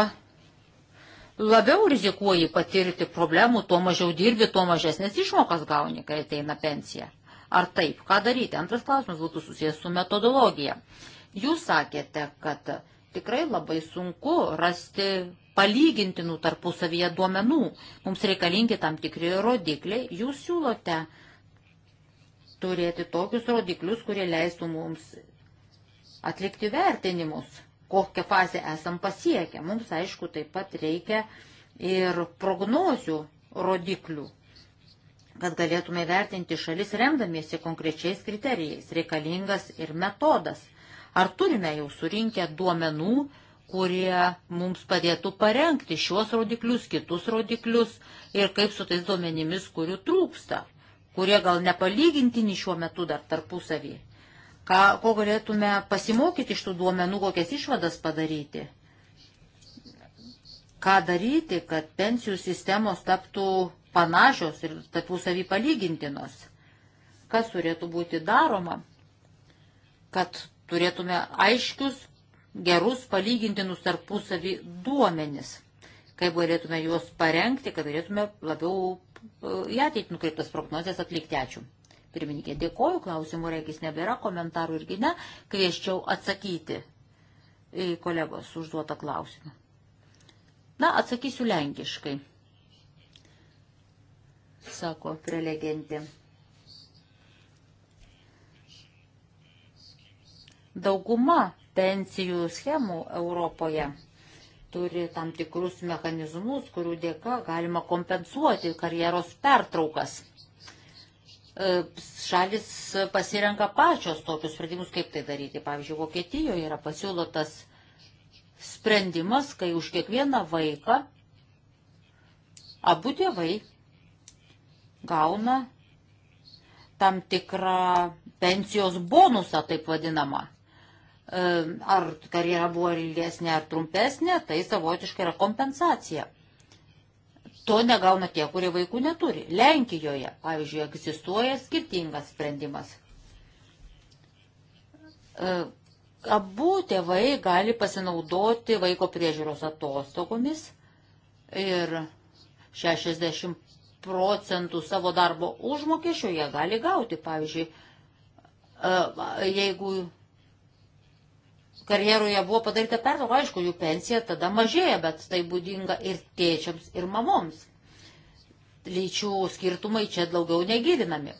Speaker 1: labiau rizikuoji patirti problemų, tuo mažiau dirbi, tuo mažesnės išmokas gauni, kai ateina pensija. Ar taip? Ką daryti? Antras klausimas būtų susijęs su metodologija. Jūs sakėte, kad tikrai labai sunku rasti palygintinų tarpusavyje duomenų. Mums reikalingi tam tikri rodikliai. Jūs siūlote turėti tokius rodiklius, kurie leistų mums atlikti vertinimus, kokią fazę esam pasiekę. Mums, aišku, taip pat reikia ir prognozių rodiklių, kad galėtume vertinti šalis remdamiesi konkrečiais kriterijais, reikalingas ir metodas. Ar turime jau surinkę duomenų, kurie mums padėtų parengti šiuos rodiklius, kitus rodiklius ir kaip su tais duomenimis, kurių trūksta, kurie gal nepalygintini šiuo metu dar tarpusavį. Ką, ko galėtume pasimokyti iš tų duomenų, kokias išvadas padaryti. Ką daryti, kad pensijų sistemos taptų panašios ir tarpusavį palygintinos. Kas turėtų būti daroma, kad turėtume aiškius, gerus palygintinus tarpusavį duomenis, kaip galėtume juos parengti, kad galėtume labiau e, į ateitį nukreiptas prognozijas atlikti. Ačiū. Pirmininkė, dėkoju, klausimų reikis nebėra, komentarų irgi ne, kvieščiau atsakyti į kolegos užduotą klausimą. Na, atsakysiu lenkiškai sako prelegentė. Dauguma pensijų schemų Europoje turi tam tikrus mechanizmus, kurių dėka galima kompensuoti karjeros pertraukas. E, šalis pasirenka pačios tokius sprendimus, kaip tai daryti. Pavyzdžiui, Vokietijoje yra pasiūlotas sprendimas, kai už kiekvieną vaiką abu tėvai gauna tam tikrą pensijos bonusą, taip vadinamą. E, ar karjera buvo ilgesnė ar trumpesnė, tai savotiškai yra kompensacija. To negauna tie, kurie vaikų neturi. Lenkijoje, pavyzdžiui, egzistuoja skirtingas sprendimas. E, abu tėvai gali pasinaudoti vaiko priežiūros atostogomis ir 60 procentų savo darbo užmokesčio jie gali gauti. Pavyzdžiui, e, jeigu karjeroje buvo padaryta pertrauka, aišku, jų pensija tada mažėja, bet tai būdinga ir tėčiams, ir mamoms. Lyčių skirtumai čia daugiau negilinami.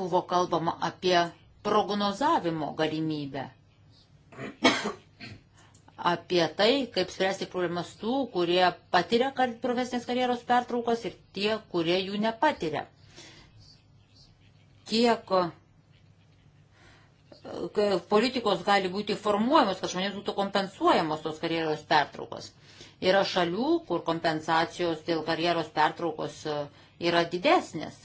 Speaker 1: Buvo kalbama apie prognozavimo galimybę. [coughs] apie tai, kaip spręsti problemas tų, kurie patiria profesinės karjeros pertraukas ir tie, kurie jų nepatiria. Kiek e, politikos gali būti formuojamos, kad žmonėms būtų kompensuojamos tos karjeros pertraukos. Yra šalių, kur kompensacijos dėl karjeros pertraukos e, yra didesnės.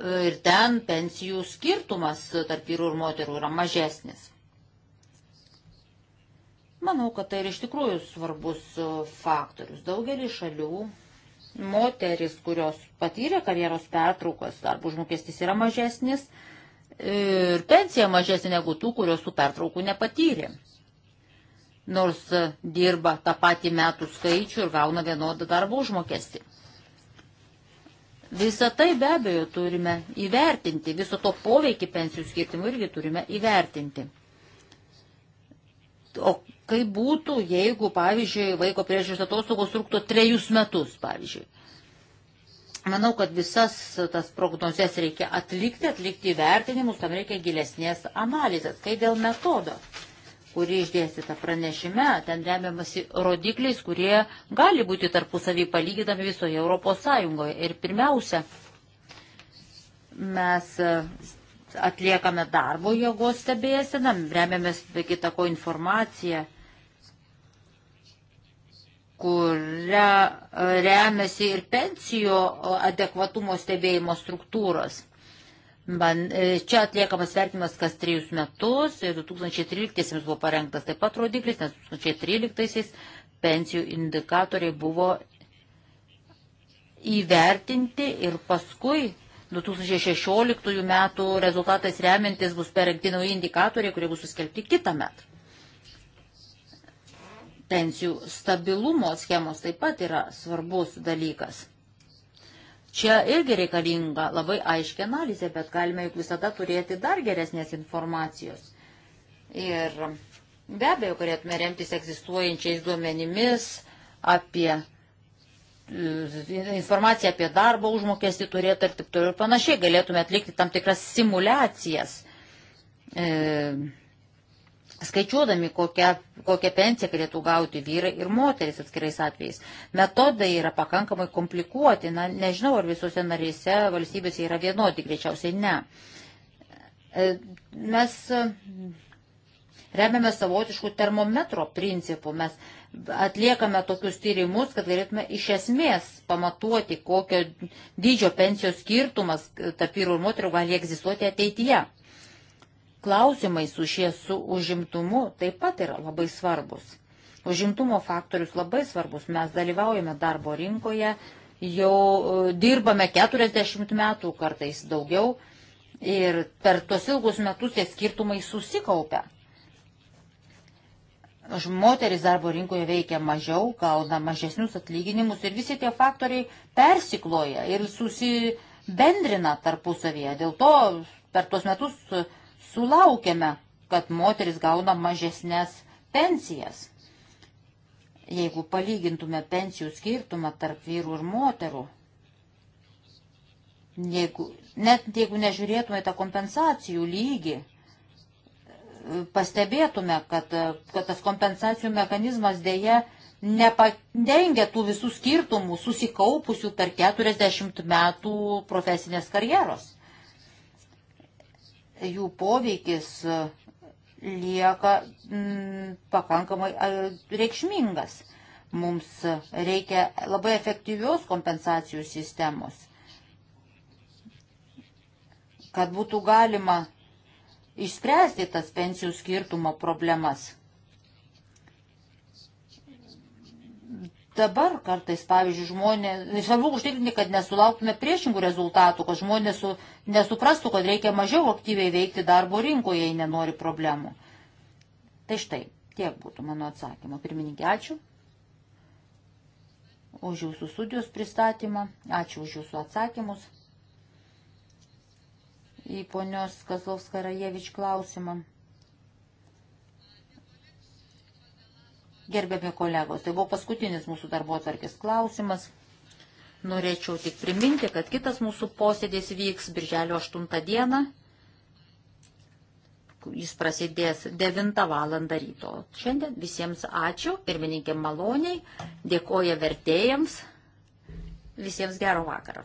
Speaker 1: E, ir ten pensijų skirtumas tarp vyrų ir moterų yra mažesnis. Manau, kad tai ir iš tikrųjų svarbus e, faktorius. Daugelį šalių moteris, kurios patyrė karjeros pertraukas, darbo užmokestis yra mažesnis ir pensija mažesnė negu tų, kurios tų pertraukų nepatyrė. Nors e, dirba tą patį metų skaičių ir gauna vienodą darbo užmokestį. Visą tai be abejo turime įvertinti, viso to poveikį pensijų skirtimų irgi turime įvertinti. O kaip būtų, jeigu, pavyzdžiui, vaiko priežiūros atostogos truktų trejus metus, pavyzdžiui. Manau, kad visas tas prognozes reikia atlikti, atlikti vertinimus, tam reikia gilesnės analizės. Kai dėl metodo, kurį išdėstyta pranešime, ten remiamasi rodikliais, kurie gali būti tarpusavį palygydami visoje Europos Sąjungoje. Ir pirmiausia, mes e, atliekame darbo jėgos stebėseną, remiamės be kitako informaciją kuria e, remiasi ir pensijų adekvatumo stebėjimo struktūros. Man, e, čia atliekamas vertimas kas trejus metus, 2013 buvo parengtas taip pat rodiklis, nes 2013 pensijų indikatoriai buvo įvertinti ir paskui 2016 metų rezultatais remiantis bus perengti nauji indikatoriai, kurie bus suskelbti kitą metą. Pensijų stabilumo schemos taip pat yra svarbus dalykas. Čia irgi reikalinga labai aiškia analizė, bet galime juk visada turėti dar geresnės informacijos. Ir be abejo, galėtume remtis egzistuojančiais duomenimis apie e, informaciją apie darbo užmokestį turėtų ir taip toliau ir panašiai. Galėtume atlikti tam tikras simulacijas. E, skaičiuodami, kokią, kokią pensiją galėtų gauti vyrai ir moteris atskirais atvejais. Metodai yra pakankamai komplikuoti, na, nežinau, ar visose narėse valstybėse yra vienodi, greičiausiai ne. E, mes e, remiame savotiškų termometro principų, mes atliekame tokius tyrimus, kad galėtume iš esmės pamatuoti, kokio dydžio pensijos skirtumas e, tarp vyrų ir moterų gali egzistuoti ateityje klausimai sušie su užimtumu taip pat yra labai svarbus. Užimtumo faktorius labai svarbus. Mes dalyvaujame darbo rinkoje, jau e, dirbame 40 metų, kartais daugiau. Ir per tuos ilgus metus tie skirtumai susikaupia. Moteris darbo rinkoje veikia mažiau, gauna mažesnius atlyginimus ir visi tie faktoriai persikloja ir susibendrina tarpusavėje. Dėl to per tuos metus sulaukiame, kad moteris gauna mažesnės pensijas. Jeigu palygintume pensijų skirtumą tarp vyrų ir moterų, jeigu, net jeigu nežiūrėtume tą kompensacijų lygį, pastebėtume, kad, kad tas kompensacijų mechanizmas dėja nepadengia tų visų skirtumų susikaupusių per 40 metų profesinės karjeros jų poveikis e, lieka m, pakankamai e, reikšmingas. Mums reikia labai efektyvios kompensacijų sistemos, kad būtų galima išspręsti tas pensijų skirtumo problemas. dabar kartais, pavyzdžiui, žmonės, svarbu užtikrinti, kad nesulauktume priešingų rezultatų, kad žmonės su, nesuprastų, kad reikia mažiau aktyviai veikti darbo rinkoje, jei nenori problemų. Tai štai, tiek būtų mano atsakymo. Pirmininkė, ačiū už jūsų studijos pristatymą, ačiū už jūsų atsakymus į ponios Kazlovską Rajevič klausimą. Gerbiami kolegos, tai buvo paskutinis mūsų darbo atvarkės klausimas. Norėčiau tik priminti, kad kitas mūsų posėdis vyks birželio 8 dieną. Jis prasidės 9 val. ryto. Šiandien visiems ačiū, pirmininkė maloniai, dėkoja vertėjams, visiems gero vakaro.